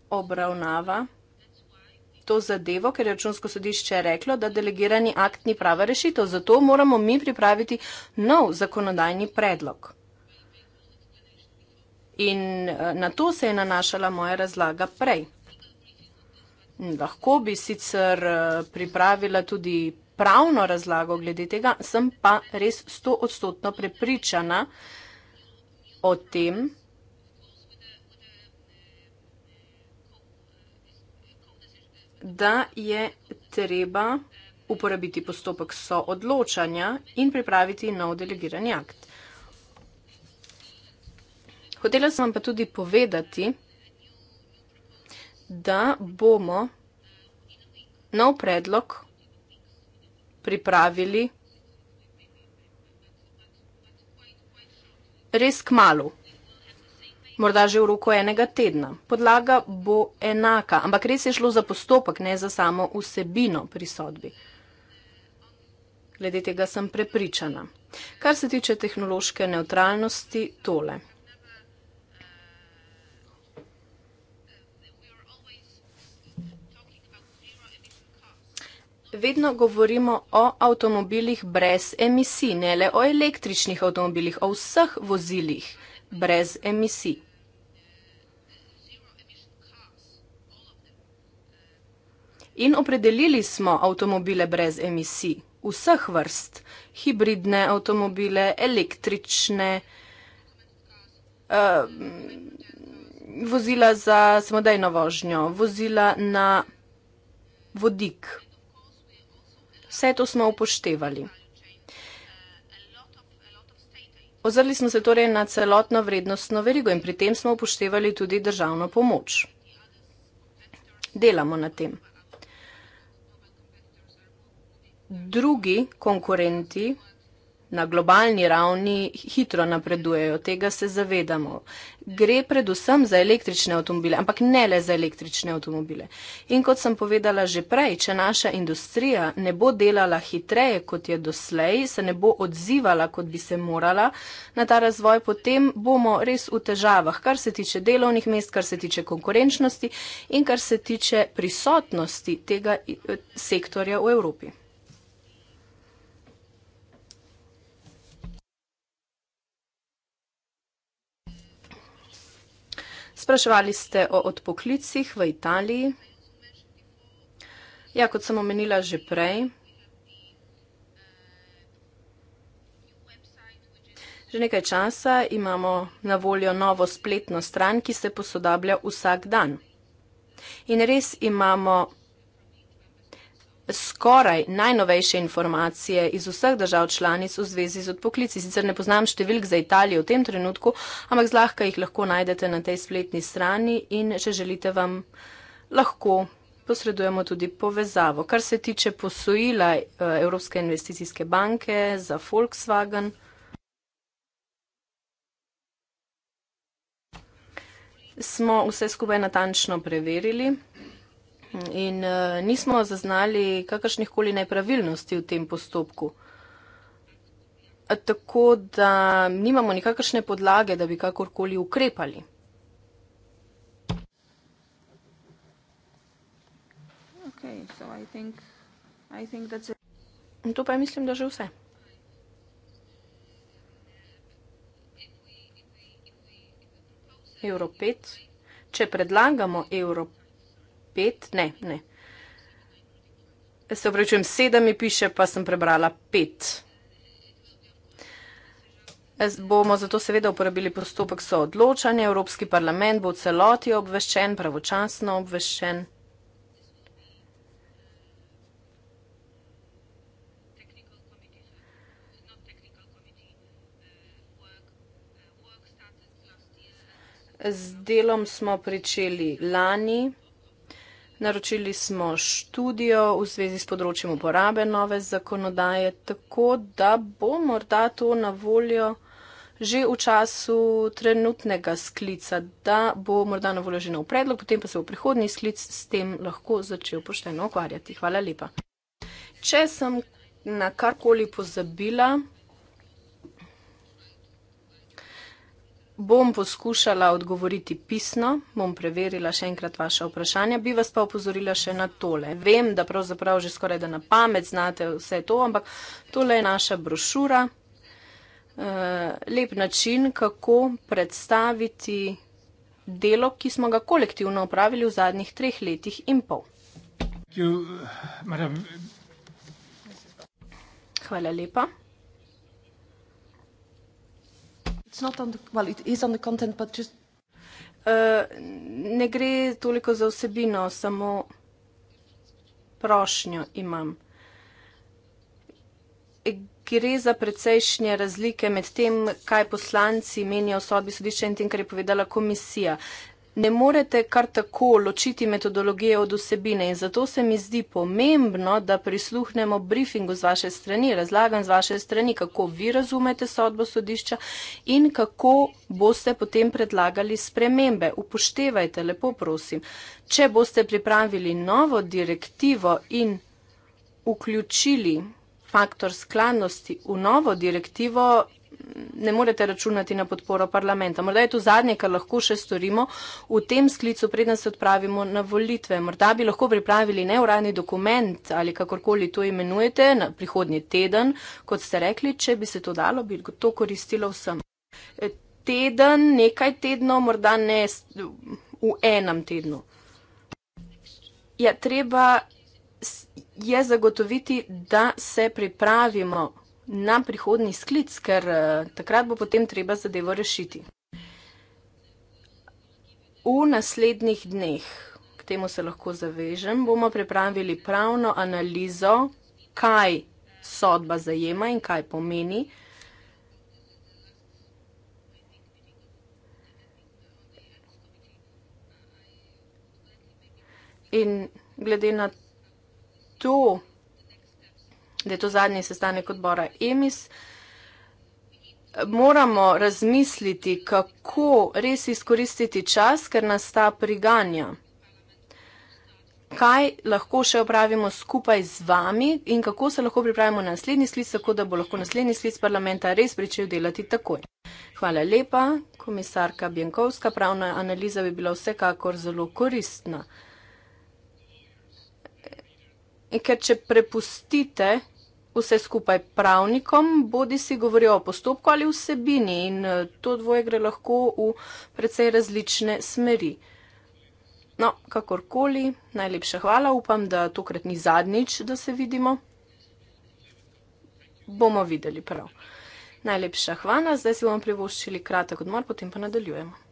obravnava to zadevo, ker je računsko sodišče reklo, da delegirani akt ni prava rešitev. Zato moramo mi pripraviti nov zakonodajni predlog. In eh, na to se je nanašala moja razlaga prej. Lahko bi sicer eh, pripravila tudi pravno razlago glede tega, sem pa res sto odstotno prepričana o tem, da je treba uporabiti postopek soodločanja in pripraviti nov delegirani akt. Hotela sem vam pa tudi povedati, da bomo nov predlog pripravili res k malu morda že v roku enega tedna. Podlaga bo enaka, ampak res je šlo za postopek, ne za samo vsebino pri sodbi. Glede tega sem prepričana. Kar se tiče tehnološke neutralnosti, tole. Vedno govorimo o avtomobilih brez emisij, ne le o električnih avtomobilih, o vseh vozilih brez emisij. in opredelili smo avtomobile brez emisij, vseh vrst, hibridne avtomobile, električne, uh, vozila za samodejno vožnjo, vozila na vodik. Vse to smo upoštevali. Ozrli smo se torej na celotno vrednostno verigo in pri tem smo upoštevali tudi državno pomoč. Delamo na tem drugi konkurenti na globalni ravni hitro napredujejo, tega se zavedamo. Gre predvsem za električne avtomobile, ampak ne le za električne avtomobile. In kot sem povedala že prej, če naša industrija ne bo delala hitreje, kot je doslej, se ne bo odzivala, kot bi se morala na ta razvoj, potem bomo res v težavah, kar se tiče delovnih mest, kar se tiče konkurenčnosti in kar se tiče prisotnosti tega eh, sektorja v Evropi. Spraševali ste o odpoklicih v Italiji. Ja, kot sem omenila že prej, že nekaj časa imamo na voljo novo spletno stran, ki se posodablja vsak dan. In res imamo skoraj najnovejše informacije iz vseh držav članic v zvezi z odpoklici. Sicer ne poznam številk za Italijo v tem trenutku, ampak zlahka jih lahko najdete na tej spletni strani in če želite vam lahko posredujemo tudi povezavo. Kar se tiče posojila eh, Evropske investicijske banke za Volkswagen. Smo vse skupaj natančno preverili. In uh, nismo zaznali kakršnih koli nepravilnosti v tem postopku. Tako da nimamo nikakršne podlage, da bi kakorkoli ukrepali. Okay, so I think, I think a... In to pa je, mislim, da že vse. Evropet, če predlagamo Evropet, pet, ne, ne. Se opravičujem, sedem mi piše, pa sem prebrala pet. Bomo zato seveda uporabili postopek soodločanja, Evropski parlament bo celoti obveščen, pravočasno obveščen. Z delom smo pričeli lani. Naročili smo študijo v zvezi s področjem uporabe nove zakonodaje, tako da bo morda to na voljo že v času trenutnega sklica, da bo morda na voljo že nov predlog, potem pa se bo prihodni sklic s tem lahko začel pošteno ukvarjati. Hvala lepa. Če sem na karkoli pozabila, Bom poskušala odgovoriti pisno, bom preverila še enkrat vaše vprašanje, bi vas pa opozorila še na tole. Vem, da pravzaprav že skoraj da na pamet znate vse to, ampak tole je naša brošura. Eh, lep način, kako predstaviti delo, ki smo ga kolektivno upravili v zadnjih treh letih in pol. Hvala lepa. It's not on the, well, it is on the content, but just. Uh, ne gre toliko za osebino, samo prošnjo imam. Gre za precejšnje razlike med tem, kaj poslanci menijo o sodbi sodišča in tem, kar je povedala komisija. Uh, ne morete kar tako ločiti metodologije od vsebine in zato se mi zdi pomembno, da prisluhnemo briefingu z vaše strani, razlagam z vaše strani, kako vi razumete sodbo sodišča in kako boste potem predlagali spremembe. Upoštevajte, lepo prosim, če boste pripravili novo direktivo in vključili faktor skladnosti v novo direktivo, ne morete računati na podporo parlamenta. Morda je to zadnje, kar lahko še storimo v tem sklicu, predem se odpravimo na volitve. Morda bi lahko pripravili neuradni dokument ali kakorkoli to imenujete na prihodnji teden, kot ste rekli, če bi se to dalo, bi to koristilo vsem. E, teden, nekaj tednov, morda ne v enem tednu. Ja, treba je zagotoviti, da se pripravimo na prihodni sklic, ker eh, takrat bo potem treba zadevo rešiti. V naslednjih dneh, k temu se lahko zavežem, bomo pripravili pravno analizo, kaj sodba zajema in kaj pomeni. In glede na to, da je to zadnji sestanek odbora EMIS, moramo razmisliti, kako res izkoristiti čas, ker nas ta priganja. Kaj lahko še opravimo skupaj z vami in kako se lahko pripravimo na naslednji sklic, tako da bo lahko naslednji sklic parlamenta res pričel delati takoj. Hvala lepa, komisarka Bjankovska. Pravna analiza bi bila vsekakor zelo koristna. In ker če prepustite vse skupaj pravnikom, bodi si govorijo o postopku ali vsebini in eh, to dvoje gre lahko v precej različne smeri. No, kakorkoli, najlepša hvala, upam, da tokrat ni zadnjič, da se vidimo. Bomo videli prav. Najlepša hvala, zdaj si bomo privoščili kratek odmor, potem pa nadaljujemo.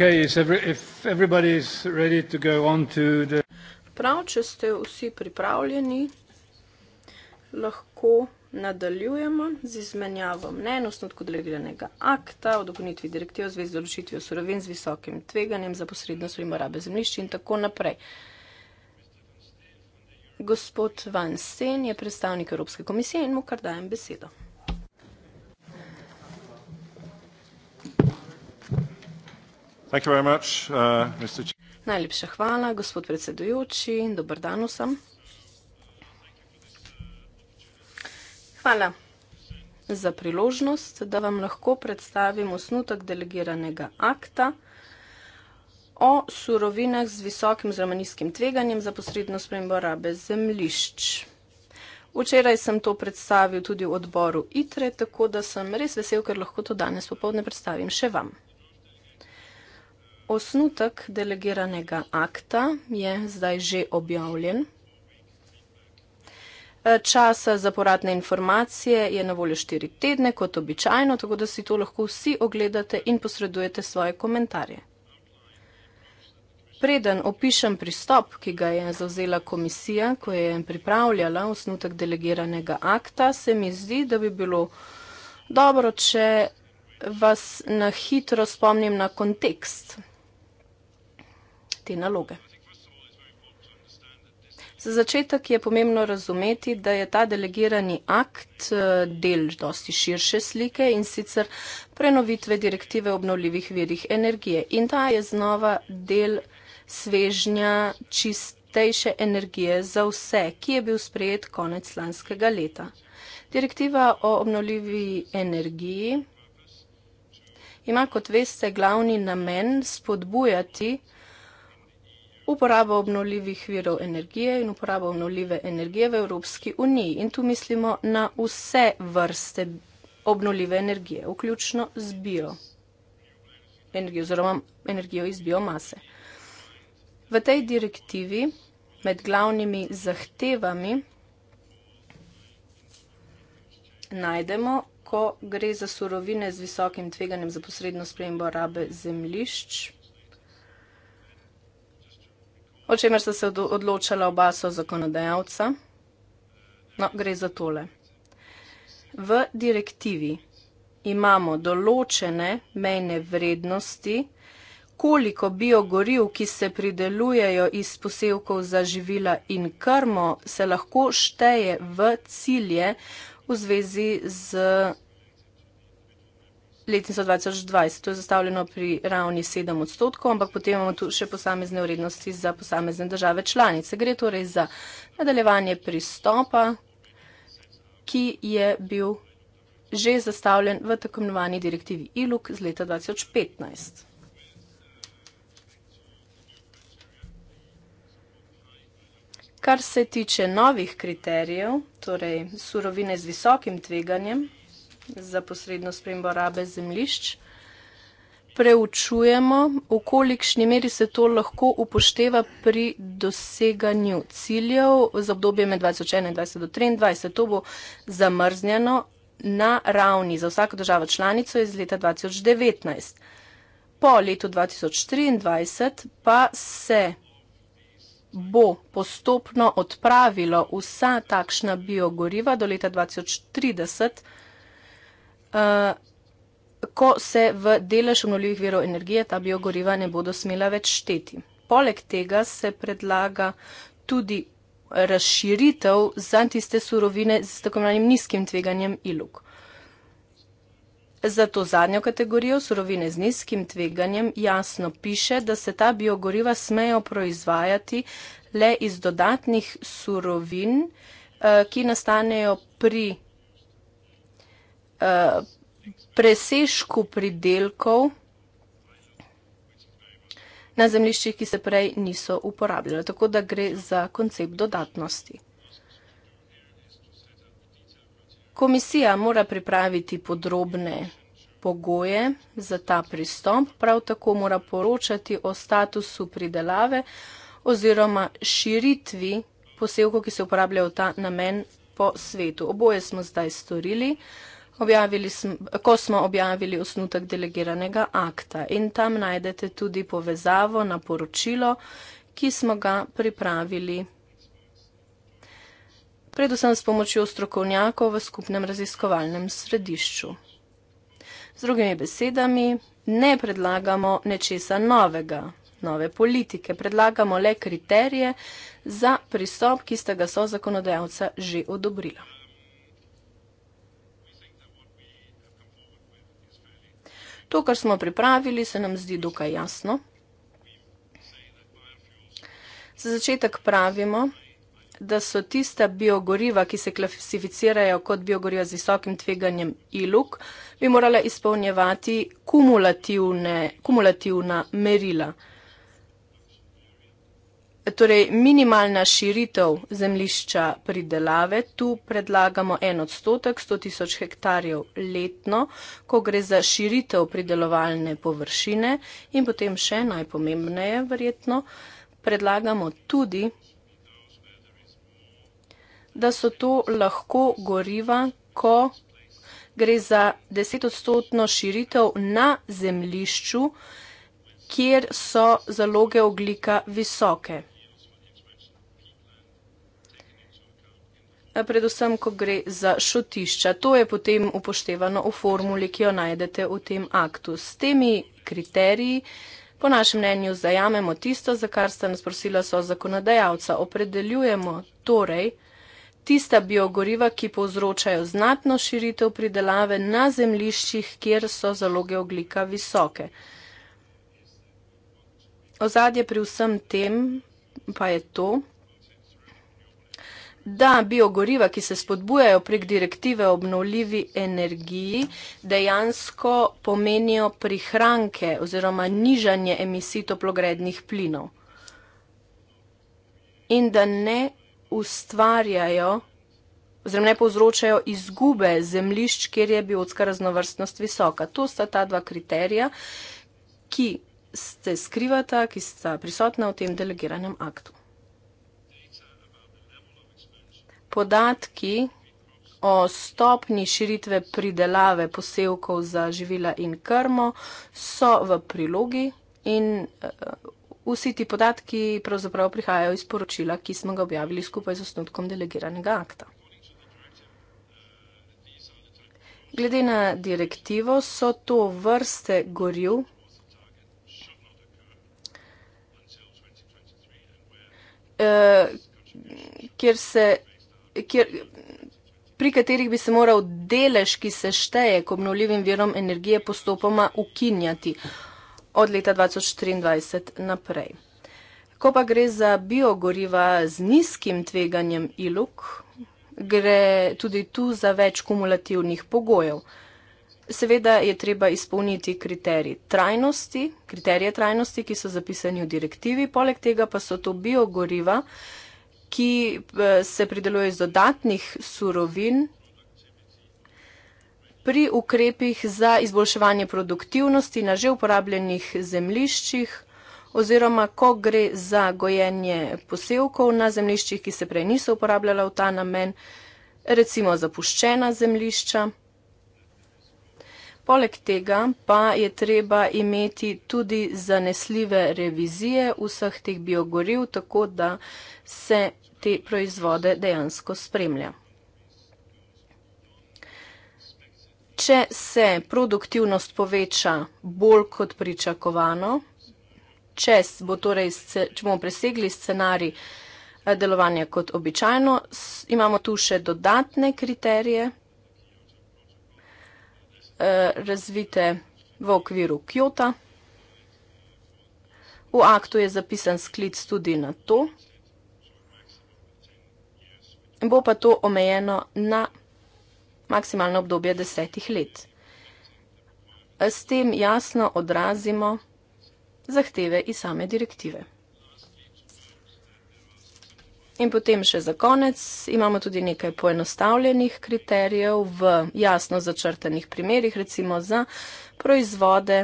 Okay, every, ready to go on to the... Prav, če ste vsi pripravljeni, lahko nadaljujemo z izmenjavo mnenostno kodeliranega akta o dopolnitvi direktive v zvezi z določitvijo surovin z visokim tveganjem za posrednost pri morabe zemljišči in tako naprej. Gospod Van Sen je predstavnik Evropske komisije in mu kar dajem besedo. Uh, Najlepša hvala, gospod predsedujoči. Dobar dan vsem. Hvala za priložnost, da vam lahko predstavim osnutek delegiranega akta o surovinah z visokim oziroma nizkim tveganjem za posredno spremembo rabe zemlišč. Včeraj sem to predstavil tudi v odboru ITRE, tako da sem res vesel, ker lahko to danes popovdne predstavim še vam. Osnutek delegiranega akta je zdaj že objavljen. E, Čas za poradne informacije je na voljo štiri tedne, kot običajno, tako da si to lahko vsi ogledate in posredujete svoje komentarje. Preden opišem pristop, ki ga je zauzela komisija, ko je pripravljala osnutek delegiranega akta, se mi zdi, da bi bilo dobro, če vas na hitro spomnim na kontekst, te naloge. Za začetek je pomembno razumeti, da je ta delegirani akt eh, del dosti širše slike in sicer prenovitve direktive obnovljivih verjih energije. In ta je znova del svežnja čistejše energije za vse, ki je bil sprejet konec lanskega leta. Direktiva o obnovljivi energiji ima, kot veste, glavni namen spodbujati uporabo obnovljivih virov energije in uporabo obnovljive energije v Evropski uniji. In tu mislimo na vse vrste obnovljive energije, vključno z bioenergijo oziroma energijo iz biomase. V tej direktivi med glavnimi zahtevami najdemo, ko gre za surovine z visokim tveganjem za posredno spremembo rabe zemlišč, o čemer sta se odločala oba so zakonodajalca. No, gre za tole. V direktivi imamo določene mejne vrednosti, koliko biogoriv, ki se pridelujejo iz posevkov za živila in krmo, se lahko šteje v cilje v zvezi z letnico 2020. To je zastavljeno pri ravni 7 odstotkov, ampak potem imamo tu še posamezne vrednosti za posamezne države članice. Gre torej za nadaljevanje pristopa, ki je bil že zastavljen v tako imenovani direktivi ILUK z leta 2015. Kar se tiče novih kriterijev, torej surovine z visokim tveganjem, za posredno spremembo rabe zemlišč. Preučujemo, v kolikšni meri se to lahko upošteva pri doseganju ciljev za obdobje med 2021 in 2023. To bo zamrznjeno na ravni za vsako državo članico iz leta 2019. Po letu 2023 pa se bo postopno odpravilo vsa takšna biogoriva do leta 2030 uh, ko se v delež obnovljivih verov energije ta biogoriva ne bodo smela več šteti. Poleg tega se predlaga tudi razširitev za tiste surovine z tako imenim nizkim tveganjem ilug. Za to zadnjo kategorijo surovine z nizkim tveganjem jasno piše, da se ta biogoriva smejo proizvajati le iz dodatnih surovin, eh, ki nastanejo pri presežku pridelkov na zemljiščih, ki se prej niso uporabljali. Tako da gre za koncept dodatnosti. Komisija mora pripraviti podrobne pogoje za ta pristop, prav tako mora poročati o statusu pridelave oziroma širitvi posevkov, ki se uporabljajo v ta namen po svetu. Oboje smo zdaj storili. Objavili smo, ko smo objavili osnutek delegiranega akta in tam najdete tudi povezavo na poročilo, ki smo ga pripravili predvsem s pomočjo strokovnjakov v skupnem raziskovalnem središču. Z drugimi besedami, ne predlagamo nečesa novega, nove politike, predlagamo le kriterije za pristop, ki sta ga so zakonodajalca že odobrila. To, kar smo pripravili, se nam zdi dokaj jasno. Za začetek pravimo, da so tista biogoriva, ki se klasificirajo kot biogoriva z visokim tveganjem ILUK, bi morala izpolnjevati kumulativna merila torej minimalna širitev zemljišča pridelave, tu predlagamo en odstotek, 100 tisoč hektarjev letno, ko gre za širitev pridelovalne površine in potem še najpomembneje, verjetno, predlagamo tudi, da so to lahko goriva, ko gre za 10 odstotno širitev na zemljišču, kjer so zaloge oglika visoke. Eh, predvsem, ko gre za šotišča. To je potem upoštevano v formuli, ki jo najdete v tem aktu. S temi kriteriji, po našem mnenju, zajamemo tisto, za kar ste nas prosila so zakonodajalca. Opredeljujemo torej tista biogoriva, ki povzročajo znatno širitev pridelave na zemliščih, kjer so zaloge oglika visoke. Ozadje pri vsem tem pa je to, da biogoriva, ki se spodbujajo prek direktive o obnovljivi energiji, dejansko pomenijo prihranke oziroma nižanje emisij toplogrednih plinov in da ne ustvarjajo oziroma ne povzročajo izgube zemlišč, kjer je biotska raznovrstnost visoka. To sta ta dva kriterija, ki ste skrivata, ki sta prisotna v tem delegiranem aktu. podatki o stopni širitve pridelave posevkov za živila in krmo so v prilogi in eh, vsi ti podatki pravzaprav prihajajo iz poročila, ki smo ga objavili skupaj z osnutkom delegiranega akta. Glede na direktivo so to vrste goril, eh, kjer se kjer, pri katerih bi se moral delež, ki se šteje k obnovljivim verom energije, postopoma ukinjati od leta 2023 naprej. Ko pa gre za biogoriva z nizkim tveganjem iluk, gre tudi tu za več kumulativnih pogojev. Seveda je treba izpolniti kriterij trajnosti, kriterije trajnosti, ki so zapisani v direktivi, poleg tega pa so to biogoriva, ki eh, se prideluje iz dodatnih surovin pri ukrepih za izboljševanje produktivnosti na že uporabljenih zemliščih oziroma ko gre za gojenje posevkov na zemliščih, ki se prej niso uporabljala v ta namen, recimo zapuščena zemlišča. Poleg tega pa je treba imeti tudi zanesljive revizije vseh teh biogoriv, tako da se te proizvode dejansko spremlja. Če se produktivnost poveča bolj kot pričakovano, če, bo torej, če bomo presegli scenarij eh, delovanja kot običajno, imamo tu še dodatne kriterije, Eh, razvite v okviru Kjota. V aktu je zapisan sklic tudi na to. Bo pa to omejeno na maksimalno obdobje desetih let. S tem jasno odrazimo zahteve iz same direktive. In potem še za konec imamo tudi nekaj poenostavljenih kriterijev v jasno začrtanih primerjih, recimo za proizvode,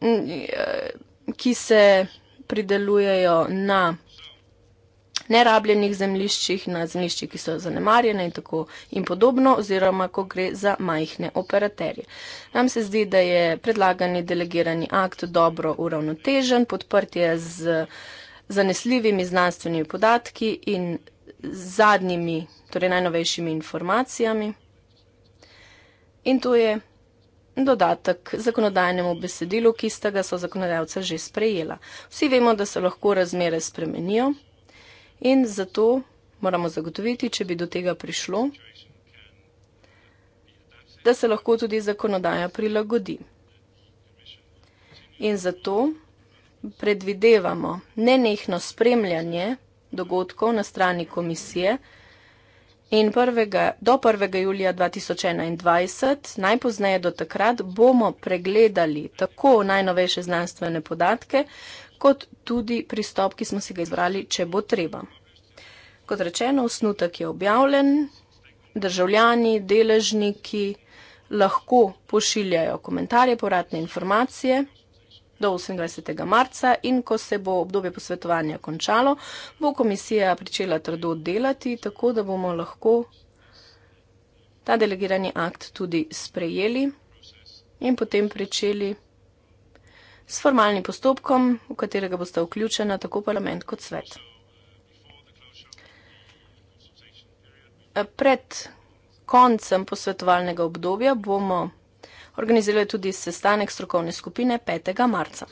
eh, ki se pridelujejo na nerabljenih zemliščih, na zemliščih, ki so zanemarjene in tako in podobno, oziroma ko gre za majhne operaterje. Nam se zdi, da je predlagani delegirani akt dobro uravnotežen, podprt je z zanesljivimi znanstvenimi podatki in zadnjimi, torej najnovejšimi informacijami. In to je dodatek zakonodajnemu besedilu, ki sta ga so zakonodajalca že sprejela. Vsi vemo, da se lahko razmere spremenijo in zato moramo zagotoviti, če bi do tega prišlo, da se lahko tudi zakonodaja prilagodi. In zato predvidevamo nenehno spremljanje dogodkov na strani komisije in prvega, do 1. julija 2021, najpozneje do takrat, bomo pregledali tako najnovejše znanstvene podatke, kot tudi pristop, ki smo si ga izbrali, če bo treba. Kot rečeno, osnutek je objavljen, državljani, deležniki lahko pošiljajo komentarje, poratne informacije do 28. marca in ko se bo obdobje posvetovanja končalo, bo komisija pričela trdo delati, tako da bomo lahko ta delegirani akt tudi sprejeli in potem pričeli s formalnim postopkom, v katerega boste vključena tako parlament kot svet. Pred koncem posvetovalnega obdobja bomo organiziral je tudi sestanek strokovne skupine 5. marca.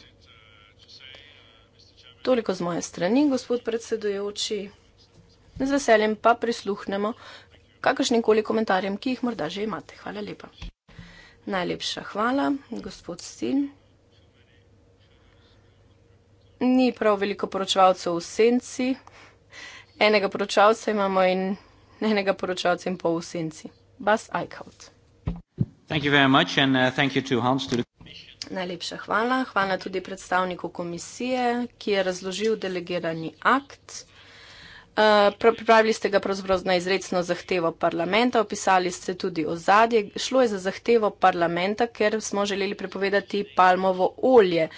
Toliko z moje strani, gospod predsedujoči. Z veseljem pa prisluhnemo kakršnim koli komentarjem, ki jih morda že imate. Hvala lepa. Najlepša hvala, gospod Stil. Ni prav veliko poročevalcev v senci. Enega poročevalca imamo in enega poročevalca in pol v senci. Bas Eichhout. Uh, Najlepša hvala. Hvala tudi predstavniku komisije, ki je razložil delegirani akt. Uh, pripravili ste ga pravzaprav na izredno zahtevo parlamenta, opisali ste tudi ozadje. Šlo je za zahtevo parlamenta, ker smo želeli prepovedati palmovo olje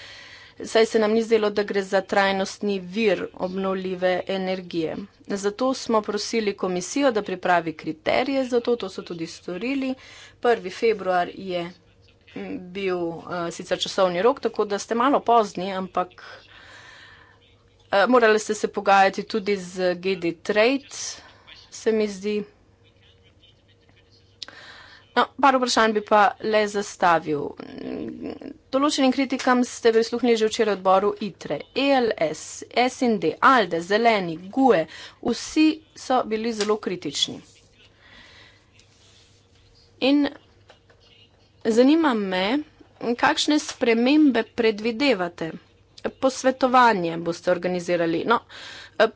saj se nam ni zdelo, da gre za trajnostni vir obnovljive energije. Zato smo prosili komisijo, da pripravi kriterije za to, to so tudi storili. 1. februar je bil uh, sicer časovni rok, tako da ste malo pozni, ampak uh, morali ste se pogajati tudi z GD Trade, se mi zdi. No, par vprašanj bi pa le zastavil. Določenim kritikam ste prisluhnili že včeraj odboru ITRE, ELS, SND, ALDE, Zeleni, GUE, vsi so bili zelo kritični. In zanima me, kakšne spremembe predvidevate? Posvetovanje boste organizirali. No, eh,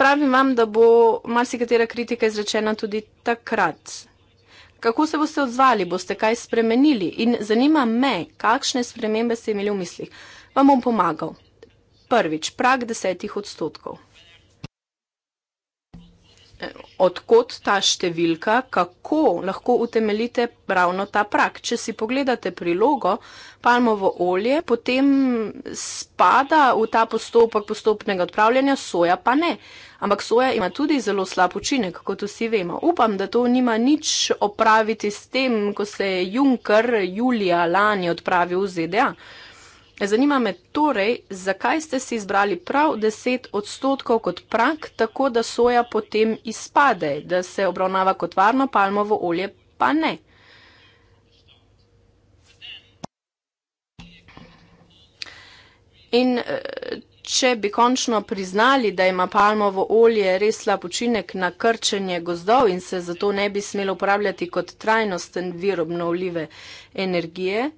pravim vam, da bo marsikatera kritika izrečena tudi takrat. Kako se boste odzvali, boste kaj spremenili in zanima me, kakšne spremembe ste imeli v mislih. Vam bom pomagal. Prvič, prag desetih odstotkov odkot ta številka, kako lahko utemeljite ravno ta prak. Če si pogledate prilogo palmovo olje, potem spada v ta postopek postopnega odpravljanja, soja pa ne. Ampak soja ima tudi zelo slab učinek, kot vsi vemo. Upam, da to nima nič opraviti s tem, ko se je Juncker julija lani odpravil v ZDA. Zanima me torej, zakaj ste si izbrali prav 10 odstotkov kot prak, tako da soja potem izpade, da se obravnava kot varno palmovo olje, pa ne. In eh, če bi končno priznali, da ima palmovo olje res slab učinek na krčenje gozdov in se zato ne bi smelo uporabljati kot trajnosten vir obnovljive energije,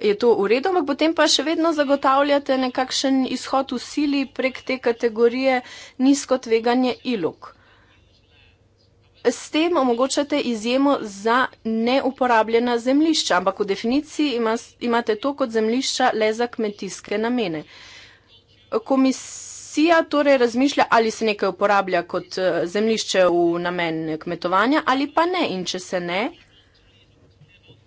je to v redu, ampak potem pa še vedno zagotavljate nekakšen izhod v sili prek te kategorije nizko tveganje ilok. S tem omogočate izjemo za neuporabljena zemlišča, ampak v definiciji ima, imate to kot zemlišča le za kmetijske namene. Komisija torej razmišlja, ali se nekaj uporablja kot eh, zemlišče v namen kmetovanja ali pa ne. In če se ne,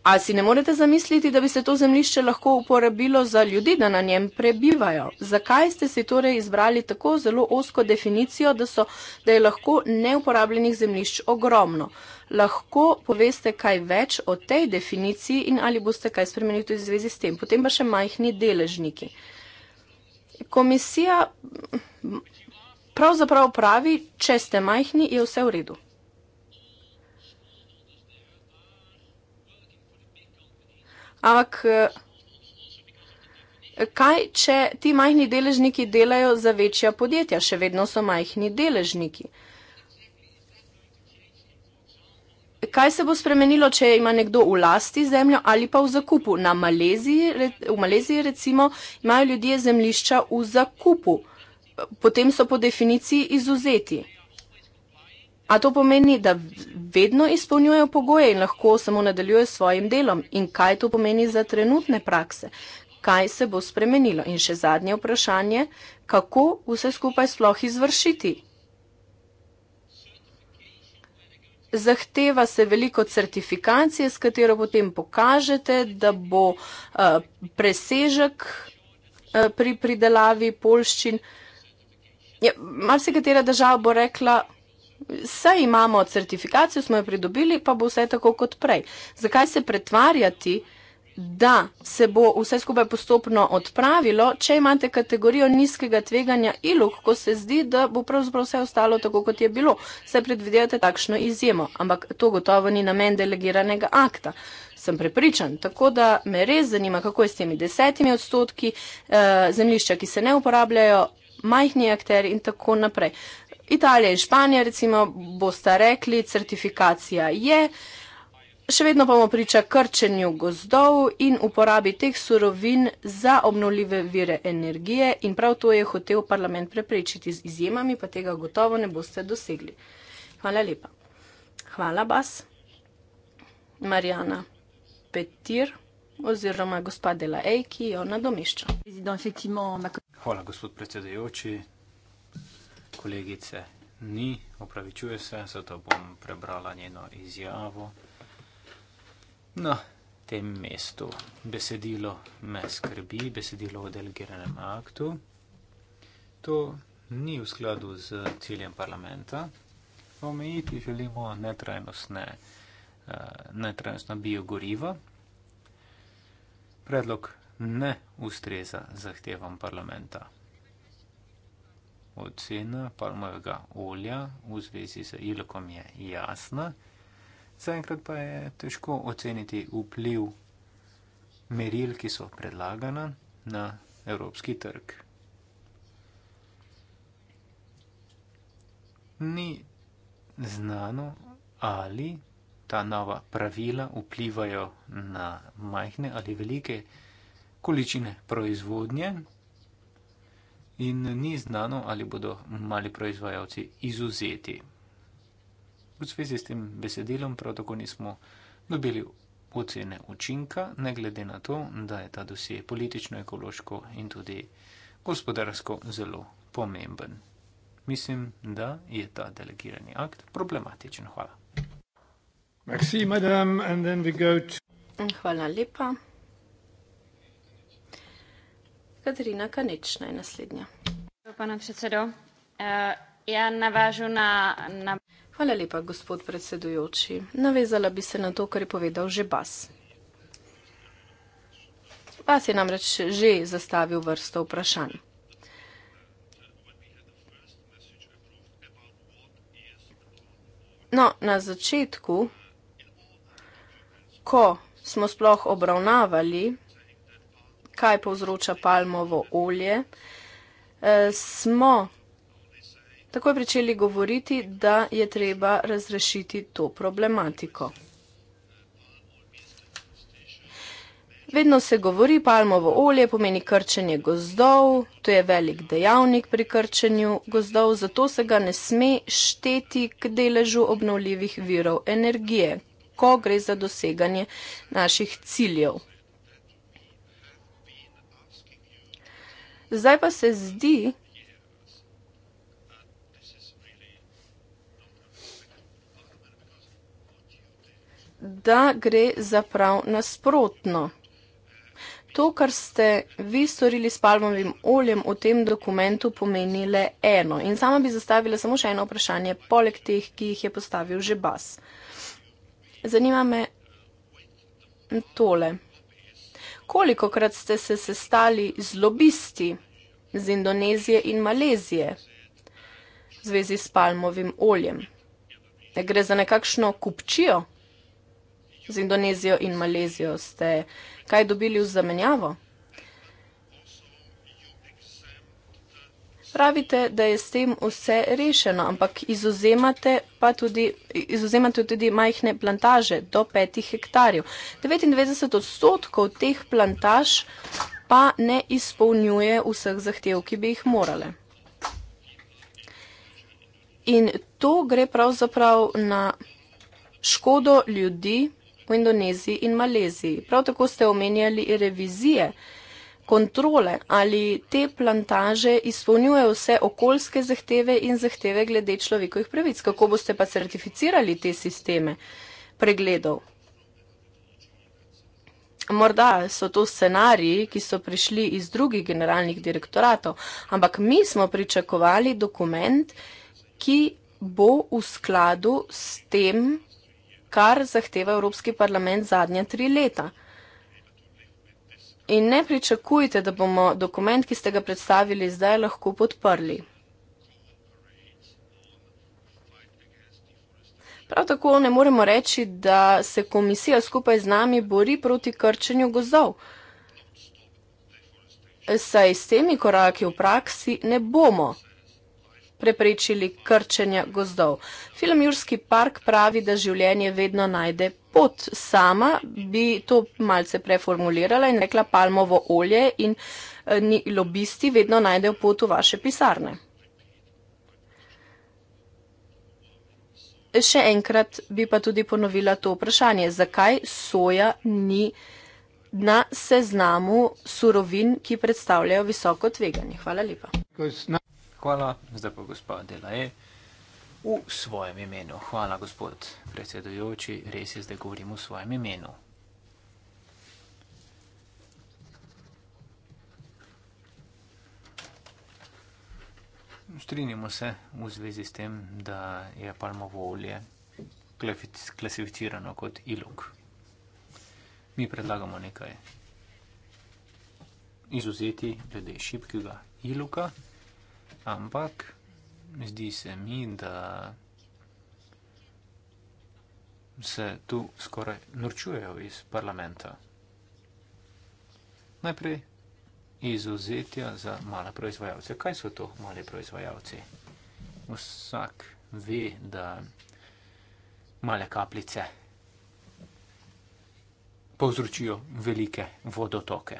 Ali si ne morete zamisliti, da bi se to zemljišče lahko uporabilo za ljudi, da na njem prebivajo? Zakaj ste si torej izbrali tako zelo osko definicijo, da, so, da je lahko neuporabljenih zemljišč ogromno? Lahko poveste kaj več o tej definiciji in ali boste kaj spremenili tudi v zvezi s tem? Potem pa še majhni deležniki. Komisija pravzaprav pravi, če ste majhni, je vse v redu. Ampak, eh, kaj, če ti majhni deležniki delajo za večja podjetja, še vedno so majhni deležniki? Kaj se bo spremenilo, če ima nekdo v lasti zemljo ali pa v zakupu? Na Maleziji, v Maleziji recimo imajo ljudje zemljišča v zakupu, potem so po definiciji izuzeti. A to pomeni, da vedno izpolnjujejo pogoje in lahko samo nadaljujejo s svojim delom? In kaj to pomeni za trenutne prakse? Kaj se bo spremenilo? In še zadnje vprašanje, kako vse skupaj sploh izvršiti? Zahteva se veliko certifikacije, s katero potem pokažete, da bo uh, presežek uh, pri pridelavi polščin. Ja, Malce katera država bo rekla, da Vse imamo certifikacijo, smo jo pridobili, pa bo vse tako kot prej. Zakaj se pretvarjati, da se bo vse skupaj postopno odpravilo, če imate kategorijo nizkega tveganja ilog, ko se zdi, da bo pravzaprav vse ostalo tako, kot je bilo? Se predvidevate takšno izjemo, ampak to gotovo ni namen delegiranega akta. Sem prepričan, tako da me res zanima, kako je s temi desetimi odstotki eh, zemljišča, ki se ne uporabljajo, majhni akteri in tako naprej. Italija in Španija, recimo, boste rekli, certifikacija je, še vedno bomo priča krčenju gozdov in uporabi teh surovin za obnovljive vire energije in prav to je hotel parlament preprečiti z izjemami, pa tega gotovo ne boste dosegli. Hvala lepa. Hvala, Bas. Marijana Petir oziroma gospa Dela Ej, ki jo nadomešča. Hvala, gospod predsedajoči kolegice ni, opravičuje se, zato bom prebrala njeno izjavo. Na tem mestu besedilo me skrbi, besedilo o delegiranem aktu. To ni v skladu z ciljem parlamenta. Omejiti želimo netrajnostne, eh, netrajnostna biogoriva. Predlog ne ustreza zahtevam parlamenta ocena palmovega olja v zvezi z ilkom je jasna. Zaenkrat pa je težko oceniti vpliv meril, ki so predlagana na evropski trg. Ni znano, ali ta nova pravila vplivajo na majhne ali velike količine proizvodnje in ni znano, ali bodo mali proizvajalci izuzeti. V zvezi s tem besedilom prav tako nismo dobili ocene učinka, ne glede na to, da je ta dosje politično, ekološko in tudi gospodarsko zelo pomemben. Mislim, da je ta delegirani akt problematičen. Hvala. Merci, madame, and then we go to... Hvala lepa. Katarina Kanečna je naslednja. Pane predsedo, uh, eh, ja navažu na, na. Hvala lepa, gospod predsedujoči. Navezala bi se na to, kar je povedal že Bas. Bas je namreč že zastavil vrsto vprašanj. No, na začetku, ko smo sploh obravnavali kaj povzroča palmovo olje, e, smo takoj pričeli govoriti, da je treba razrešiti to problematiko. Vedno se govori, palmovo olje pomeni krčenje gozdov, to je velik dejavnik pri krčenju gozdov, zato se ga ne sme šteti k deležu obnovljivih virov energije, ko gre za doseganje naših ciljev. Zdaj pa se zdi, da gre za prav nasprotno. To, kar ste vi storili s palmovim oljem v tem dokumentu, pomeni le eno. In sama bi zastavila samo še eno vprašanje, poleg teh, ki jih je postavil že bas. Zanima me tole. Kolikokrat ste se sestali z lobisti z Indonezije in Malezije v zvezi s palmovim oljem? Ne gre za nekakšno kupčijo? Z Indonezijo in Malezijo ste kaj dobili v zamenjavo? Pravite, da je s tem vse rešeno, ampak izuzemate, tudi, izuzemate tudi majhne plantaže do 5 hektarjev. 99 odstotkov teh plantaž pa ne izpolnjuje vseh zahtev, ki bi jih morale. In to gre pravzaprav na škodo ljudi v Indoneziji in Maleziji. Prav tako ste omenjali revizije kontrole, ali te plantaže izpolnjujejo vse okoljske zahteve in zahteve glede človekovih pravic. Kako boste pa certificirali te sisteme pregledov? Morda so to scenariji, ki so prišli iz drugih generalnih direktoratov, ampak mi smo pričakovali dokument, ki bo v skladu s tem, kar zahteva Evropski parlament zadnja tri leta in ne pričakujte, da bomo dokument, ki ste ga predstavili, zdaj lahko podprli. Prav tako ne moremo reči, da se komisija skupaj z nami bori proti krčenju gozov. Saj s temi koraki v praksi ne bomo preprečili krčenja gozdov. Film Jurski park pravi, da življenje vedno najde pot. Sama bi to malce preformulirala in rekla palmovo olje in eh, ni, lobisti vedno najdejo pot v vaše pisarne. Še enkrat bi pa tudi ponovila to vprašanje, zakaj soja ni na seznamu surovin, ki predstavljajo visoko tveganje. Hvala lepa. Hvala, zdaj pa gospod Delae. V svojem imenu. Hvala, gospod predsedujoči, res je, zdaj govorim v svojem imenu. Strinjamo se v zvezi s tem, da je palmovo olje klasificirano kot ilok. Mi predlagamo nekaj izuzeti glede šipkega iloka. Ampak zdi se mi, da se tu skoraj norčujejo iz parlamenta. Najprej izuzetja za male proizvajalce. Kaj so to male proizvajalci? Vsak ve, da male kapljice povzročijo velike vodotoke.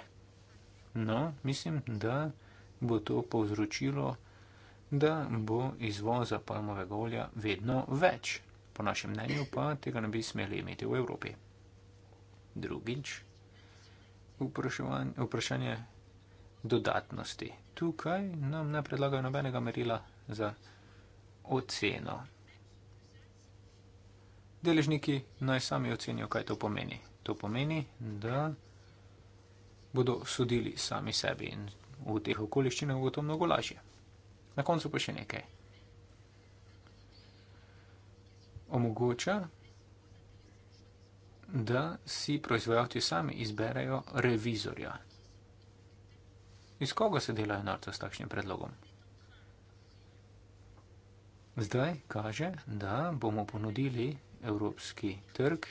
No, mislim, da bo to povzročilo da bo izvoza palmovega olja vedno več. Po našem mnenju pa tega ne bi smeli imeti v Evropi. Drugič, vprašanje dodatnosti. Tukaj nam ne predlagajo nobenega merila za oceno. Deležniki naj sami ocenijo, kaj to pomeni. To pomeni, da bodo sodili sami sebi in v teh okoliščinah bo to mnogo lažje. Na koncu pa še nekaj. Omogoča, da si proizvajalci sami izberejo revizorja. Iz koga se delajo narco s takšnim predlogom? Zdaj kaže, da bomo ponudili evropski trg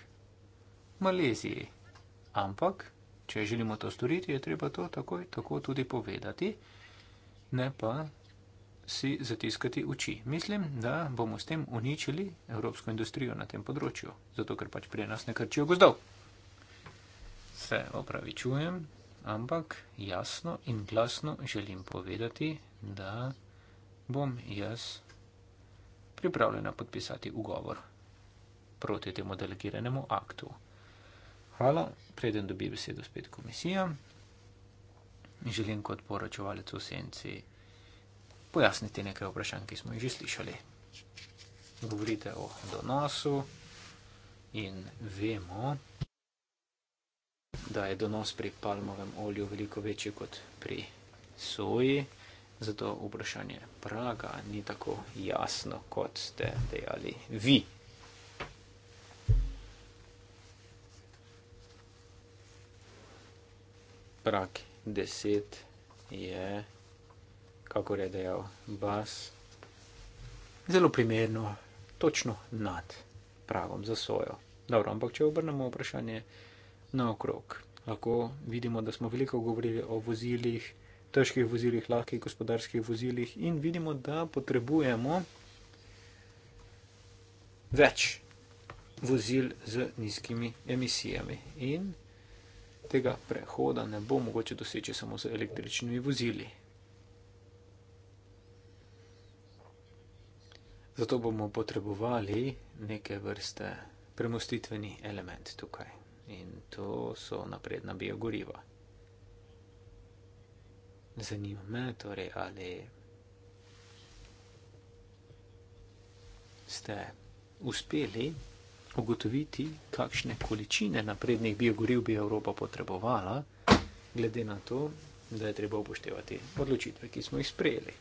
Maleziji. Ampak, če želimo to storiti, je treba to takoj tako tudi povedati, ne pa si zatiskati oči. Mislim, da bomo s tem uničili evropsko industrijo na tem področju, zato ker pač pri nas ne krčijo gozdov. Se opravičujem, ampak jasno in glasno želim povedati, da bom jaz pripravljena podpisati ugovor proti temu delegiranemu aktu. Hvala, preden dobi besedo spet komisija. Želim kot poročevalec v senci pojasniti nekaj vprašanj, ki smo jih že slišali. Govorite o donosu in vemo, da je donos pri palmovem olju veliko večji kot pri soji, zato vprašanje praga ni tako jasno, kot ste dejali vi. Prak 10 je kako je dejal Bas, zelo primerno, točno nad pravom za sojo. Dobro, ampak če obrnemo vprašanje naokrog, lahko vidimo, da smo veliko govorili o vozilih, težkih vozilih, lahkih gospodarskih vozilih in vidimo, da potrebujemo več vozil z nizkimi emisijami. In Tega prehoda ne bo mogoče doseči samo z električnimi vozili. Zato bomo potrebovali neke vrste premustitveni element tukaj. In to so napredna biogoriva. Zanima me torej, ali ste uspeli ugotoviti, kakšne količine naprednih biogoriv bi Evropa potrebovala, glede na to, da je treba upoštevati odločitve, ki smo jih sprejeli.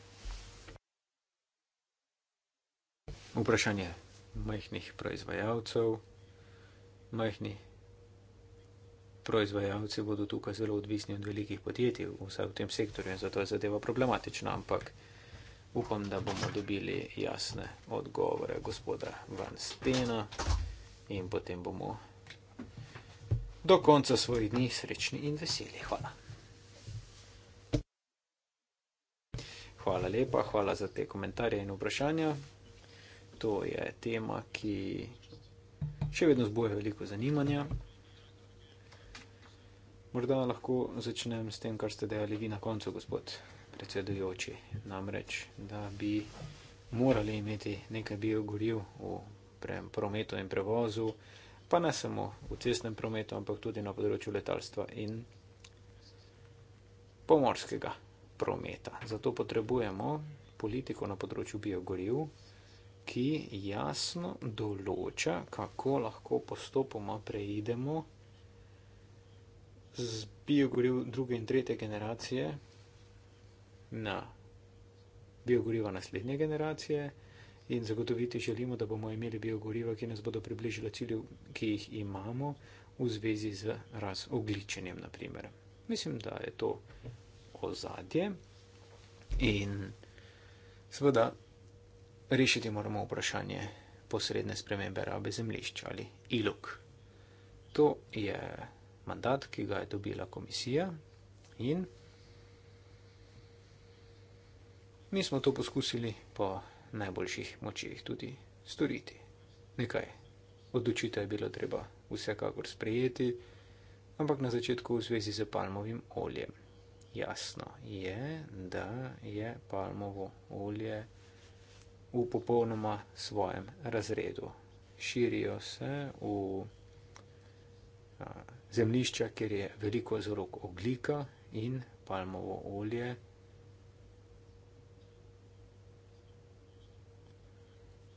Vprašanje majhnih proizvajalcev. Majhni proizvajalci bodo tukaj zelo odvisni od velikih podjetij, vsaj v tem sektorju, in zato je zadeva problematična, ampak upam, da bomo dobili jasne odgovore gospoda Van Stena in potem bomo do konca svojih dni srečni in veseli. Hvala. Hvala lepa, hvala za te komentarje in vprašanja to je tema, ki še vedno zbuja veliko zanimanja. Morda lahko začnem s tem, kar ste dejali vi na koncu, gospod predsedujoči. Namreč, da bi morali imeti nekaj biogoriv v prometu in prevozu, pa ne samo v cestnem prometu, ampak tudi na področju letalstva in pomorskega prometa. Zato potrebujemo politiko na področju biogoriv, ki jasno določa, kako lahko postopoma preidemo z biogoriv druge in tretje generacije na biogoriva naslednje generacije in zagotoviti želimo, da bomo imeli biogoriva, ki nas bodo približila cilju, ki jih imamo v zvezi z razogličenjem, naprimer. Mislim, da je to ozadje in seveda rešiti moramo vprašanje posredne spremembe rabe zemljišča ali ilok. To je mandat, ki ga je dobila komisija in mi smo to poskusili po najboljših močih tudi storiti. Nekaj odločitev je bilo treba vsekakor sprejeti, ampak na začetku v zvezi z palmovim oljem. Jasno je, da je palmovo olje v popolnoma svojem razredu. Širijo se v zemlišča, kjer je veliko zrok oglika in palmovo olje.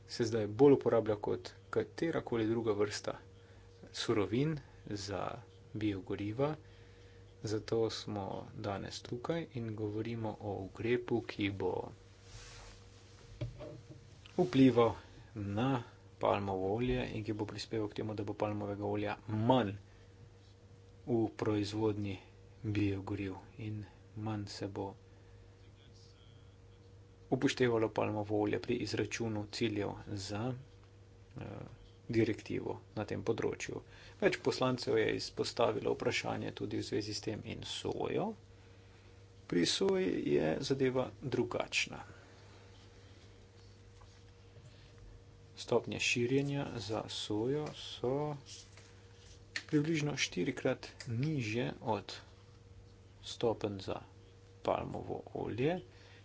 Se zdaj bolj uporablja kot katera koli druga vrsta surovin za biogoriva, zato smo danes tukaj in govorimo o ukrepu, ki bo vplival na palmovo olje in ki bo prispeval k temu, da bo palmovega olja manj v proizvodni biogoriv in manj se bo upoštevalo palmovo olje pri izračunu ciljev za uh, direktivo na tem področju. Več poslancev je izpostavilo vprašanje tudi v zvezi s tem in sojo. Pri soji je zadeva drugačna. stopnje širjenja za sojo so približno štirikrat niže od stopen za palmovo olje.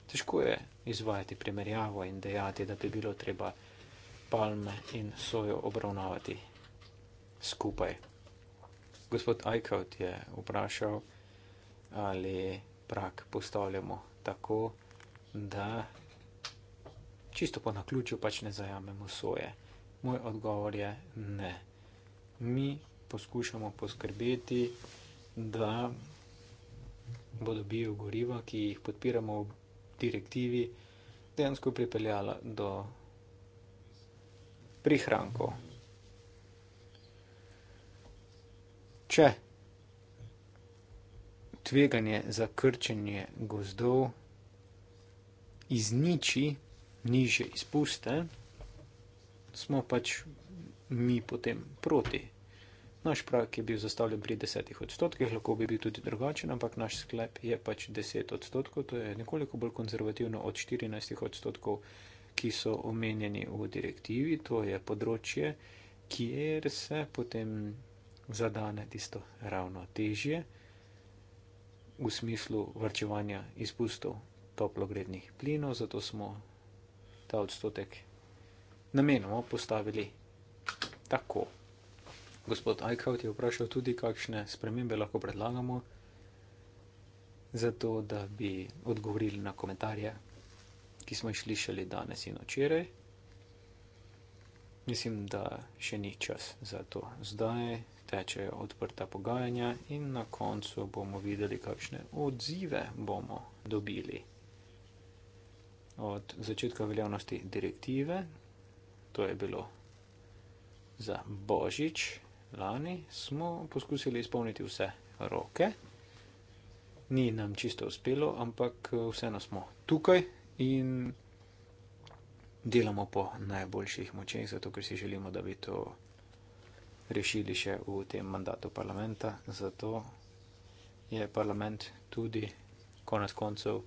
Težko je izvajati primerjavo in dejati, da bi bilo treba palme in sojo obravnavati skupaj. Gospod Eichhout je vprašal, ali prak postavljamo tako, da čisto po naključju pač ne zajamemo soje. Moj odgovor je ne. Mi poskušamo poskrbeti, da bodo biogoriva, ki jih podpiramo v direktivi, dejansko pripeljala do prihrankov. Če tveganje za krčenje gozdov izniči niže izpuste, smo pač mi potem proti. Naš prak je bil zastavljen pri desetih odstotkih, lahko bi bil tudi drugačen, ampak naš sklep je pač deset odstotkov, to je nekoliko bolj konzervativno od štirinajstih odstotkov, ki so omenjeni v direktivi, to je področje, kjer se potem zadane tisto ravno težje v smislu vrčevanja izpustov toplogrednih plinov, zato smo ta odstotek namenoma postavili tako. Gospod Ajkaut je vprašal tudi, kakšne spremembe lahko predlagamo, zato da bi odgovorili na komentarje, ki smo jih slišali danes in včeraj. Mislim, da še ni čas za to. Zdaj tečejo odprta pogajanja in na koncu bomo videli, kakšne odzive bomo dobili od začetka veljavnosti direktive, to je bilo za Božič lani, smo poskusili izpolniti vse roke. Ni nam čisto uspelo, ampak vseeno smo tukaj in delamo po najboljših močeh, zato ker si želimo, da bi to rešili še v tem mandatu parlamenta. Zato je parlament tudi konec koncev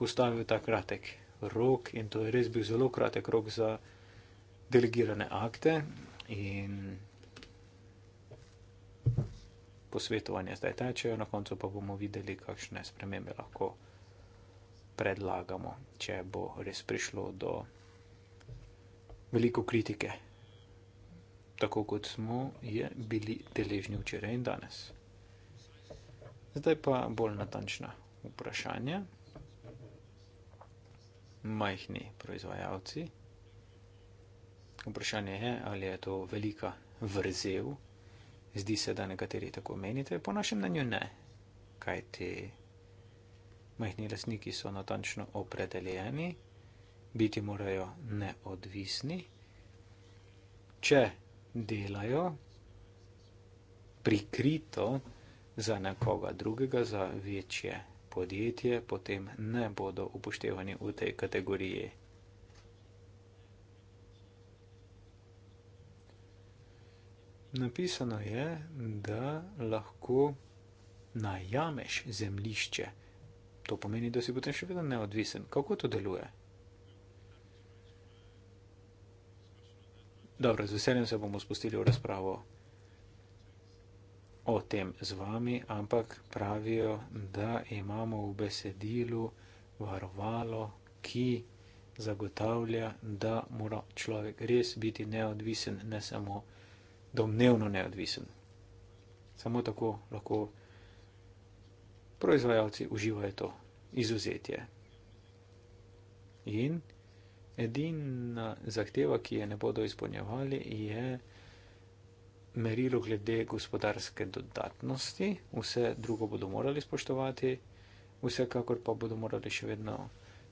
postavil ta kratek rok in to je res bil zelo kratek rok za delegirane akte in posvetovanje zdaj tečejo, na koncu pa bomo videli, kakšne spremembe lahko predlagamo, če bo res prišlo do veliko kritike, tako kot smo je bili deležni včeraj in danes. Zdaj pa bolj natančna vprašanja majhni proizvajalci. Vprašanje je, ali je to velika vrzel. Zdi se, da nekateri tako menite, po našem mnenju ne, kajti majhni lasniki so natančno opredeljeni, biti morajo neodvisni. Če delajo prikrito za nekoga drugega, za večje podjetje, potem ne bodo upoštevani v tej kategoriji. Napisano je, da lahko najameš zemlišče. To pomeni, da si potem še vedno neodvisen. Kako to deluje? Dobro, z veseljem se bomo spustili v razpravo o tem z vami, ampak pravijo, da imamo v besedilu varovalo, ki zagotavlja, da mora človek res biti neodvisen, ne samo domnevno neodvisen. Samo tako lahko proizvajalci uživajo to izuzetje. In edina zahteva, ki je ne bodo izpolnjevali, je merilo glede gospodarske dodatnosti, vse drugo bodo morali spoštovati, vsekakor pa bodo morali še vedno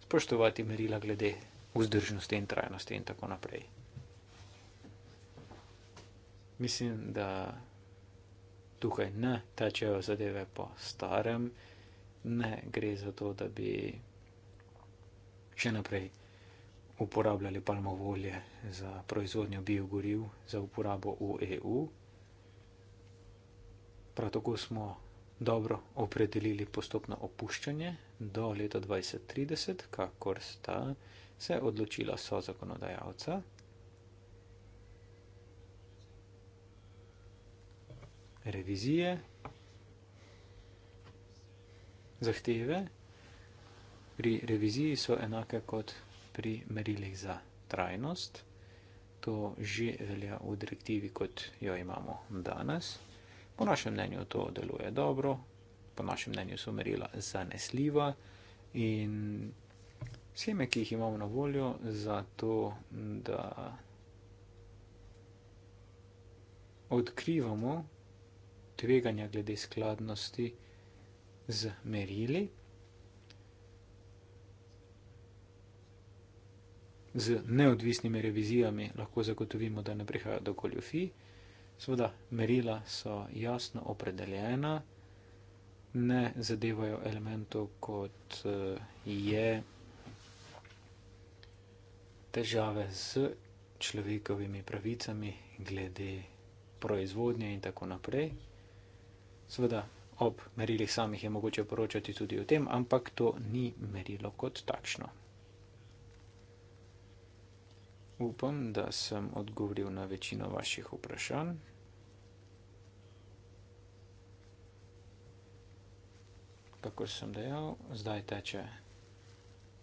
spoštovati merila glede vzdržnosti in trajnosti in tako naprej. Mislim, da tukaj ne tečejo zadeve po starem, ne gre za to, da bi še naprej uporabljali palmovo olje za proizvodnjo biogoriv za uporabo v EU. Prav tako smo dobro opredelili postopno opuščanje do leta 2030, kakor sta se odločila so zakonodajalca. Revizije, zahteve pri reviziji so enake kot pri merilih za trajnost. To že velja v direktivi, kot jo imamo danes. Po našem mnenju to deluje dobro, po našem mnenju so merila zanesljiva in sheme, ki jih imamo na voljo za to, da odkrivamo tveganja glede skladnosti z merili. z neodvisnimi revizijami lahko zagotovimo, da ne prihaja do goljofij. Sveda, merila so jasno opredeljena, ne zadevajo elementov, kot eh, je težave z človekovimi pravicami, glede proizvodnje in tako naprej. Sveda, ob merilih samih je mogoče poročati tudi o tem, ampak to ni merilo kot takšno. Upam, da sem odgovoril na večino vaših vprašanj. Kako sem dejal, zdaj teče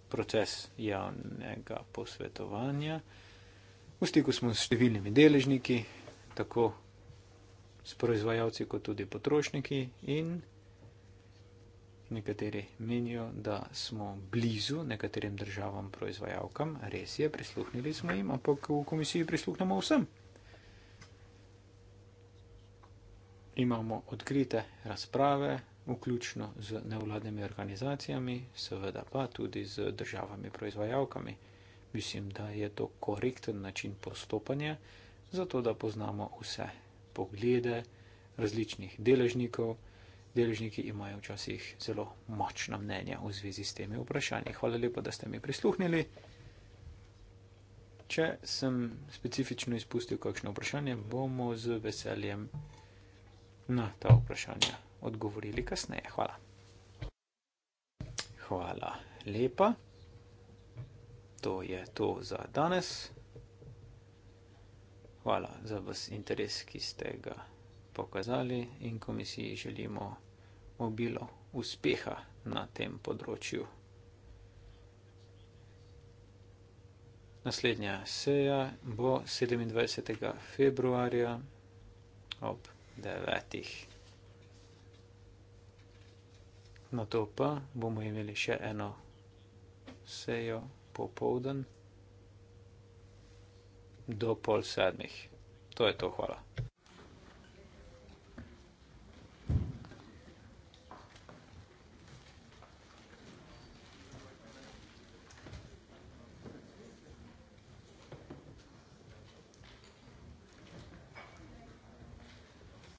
proces javnega posvetovanja. V stiku smo s številnimi deležniki, tako s proizvajalci kot tudi potrošniki in potrošniki. Nekateri menijo, da smo blizu nekaterim državam proizvajalkam, res je, prisluhnili smo jim, ampak v komisiji prisluhnemo vsem. Imamo odkrite razprave, vključno z nevladnimi organizacijami, seveda pa tudi z državami proizvajalkami. Mislim, da je to korekten način postopanja, zato da poznamo vse poglede različnih deležnikov deležniki imajo včasih zelo močna mnenja v zvezi s temi vprašanji. Hvala lepa, da ste mi prisluhnili. Če sem specifično izpustil kakšno vprašanje, bomo z veseljem na ta vprašanja odgovorili kasneje. Hvala. Hvala lepa. To je to za danes. Hvala za vas interes, ki ste ga pokazali in komisiji želimo obilo uspeha na tem področju. Naslednja seja bo 27. februarja ob 9. Na to pa bomo imeli še eno sejo popovdan do pol sedmih. To je to, hvala.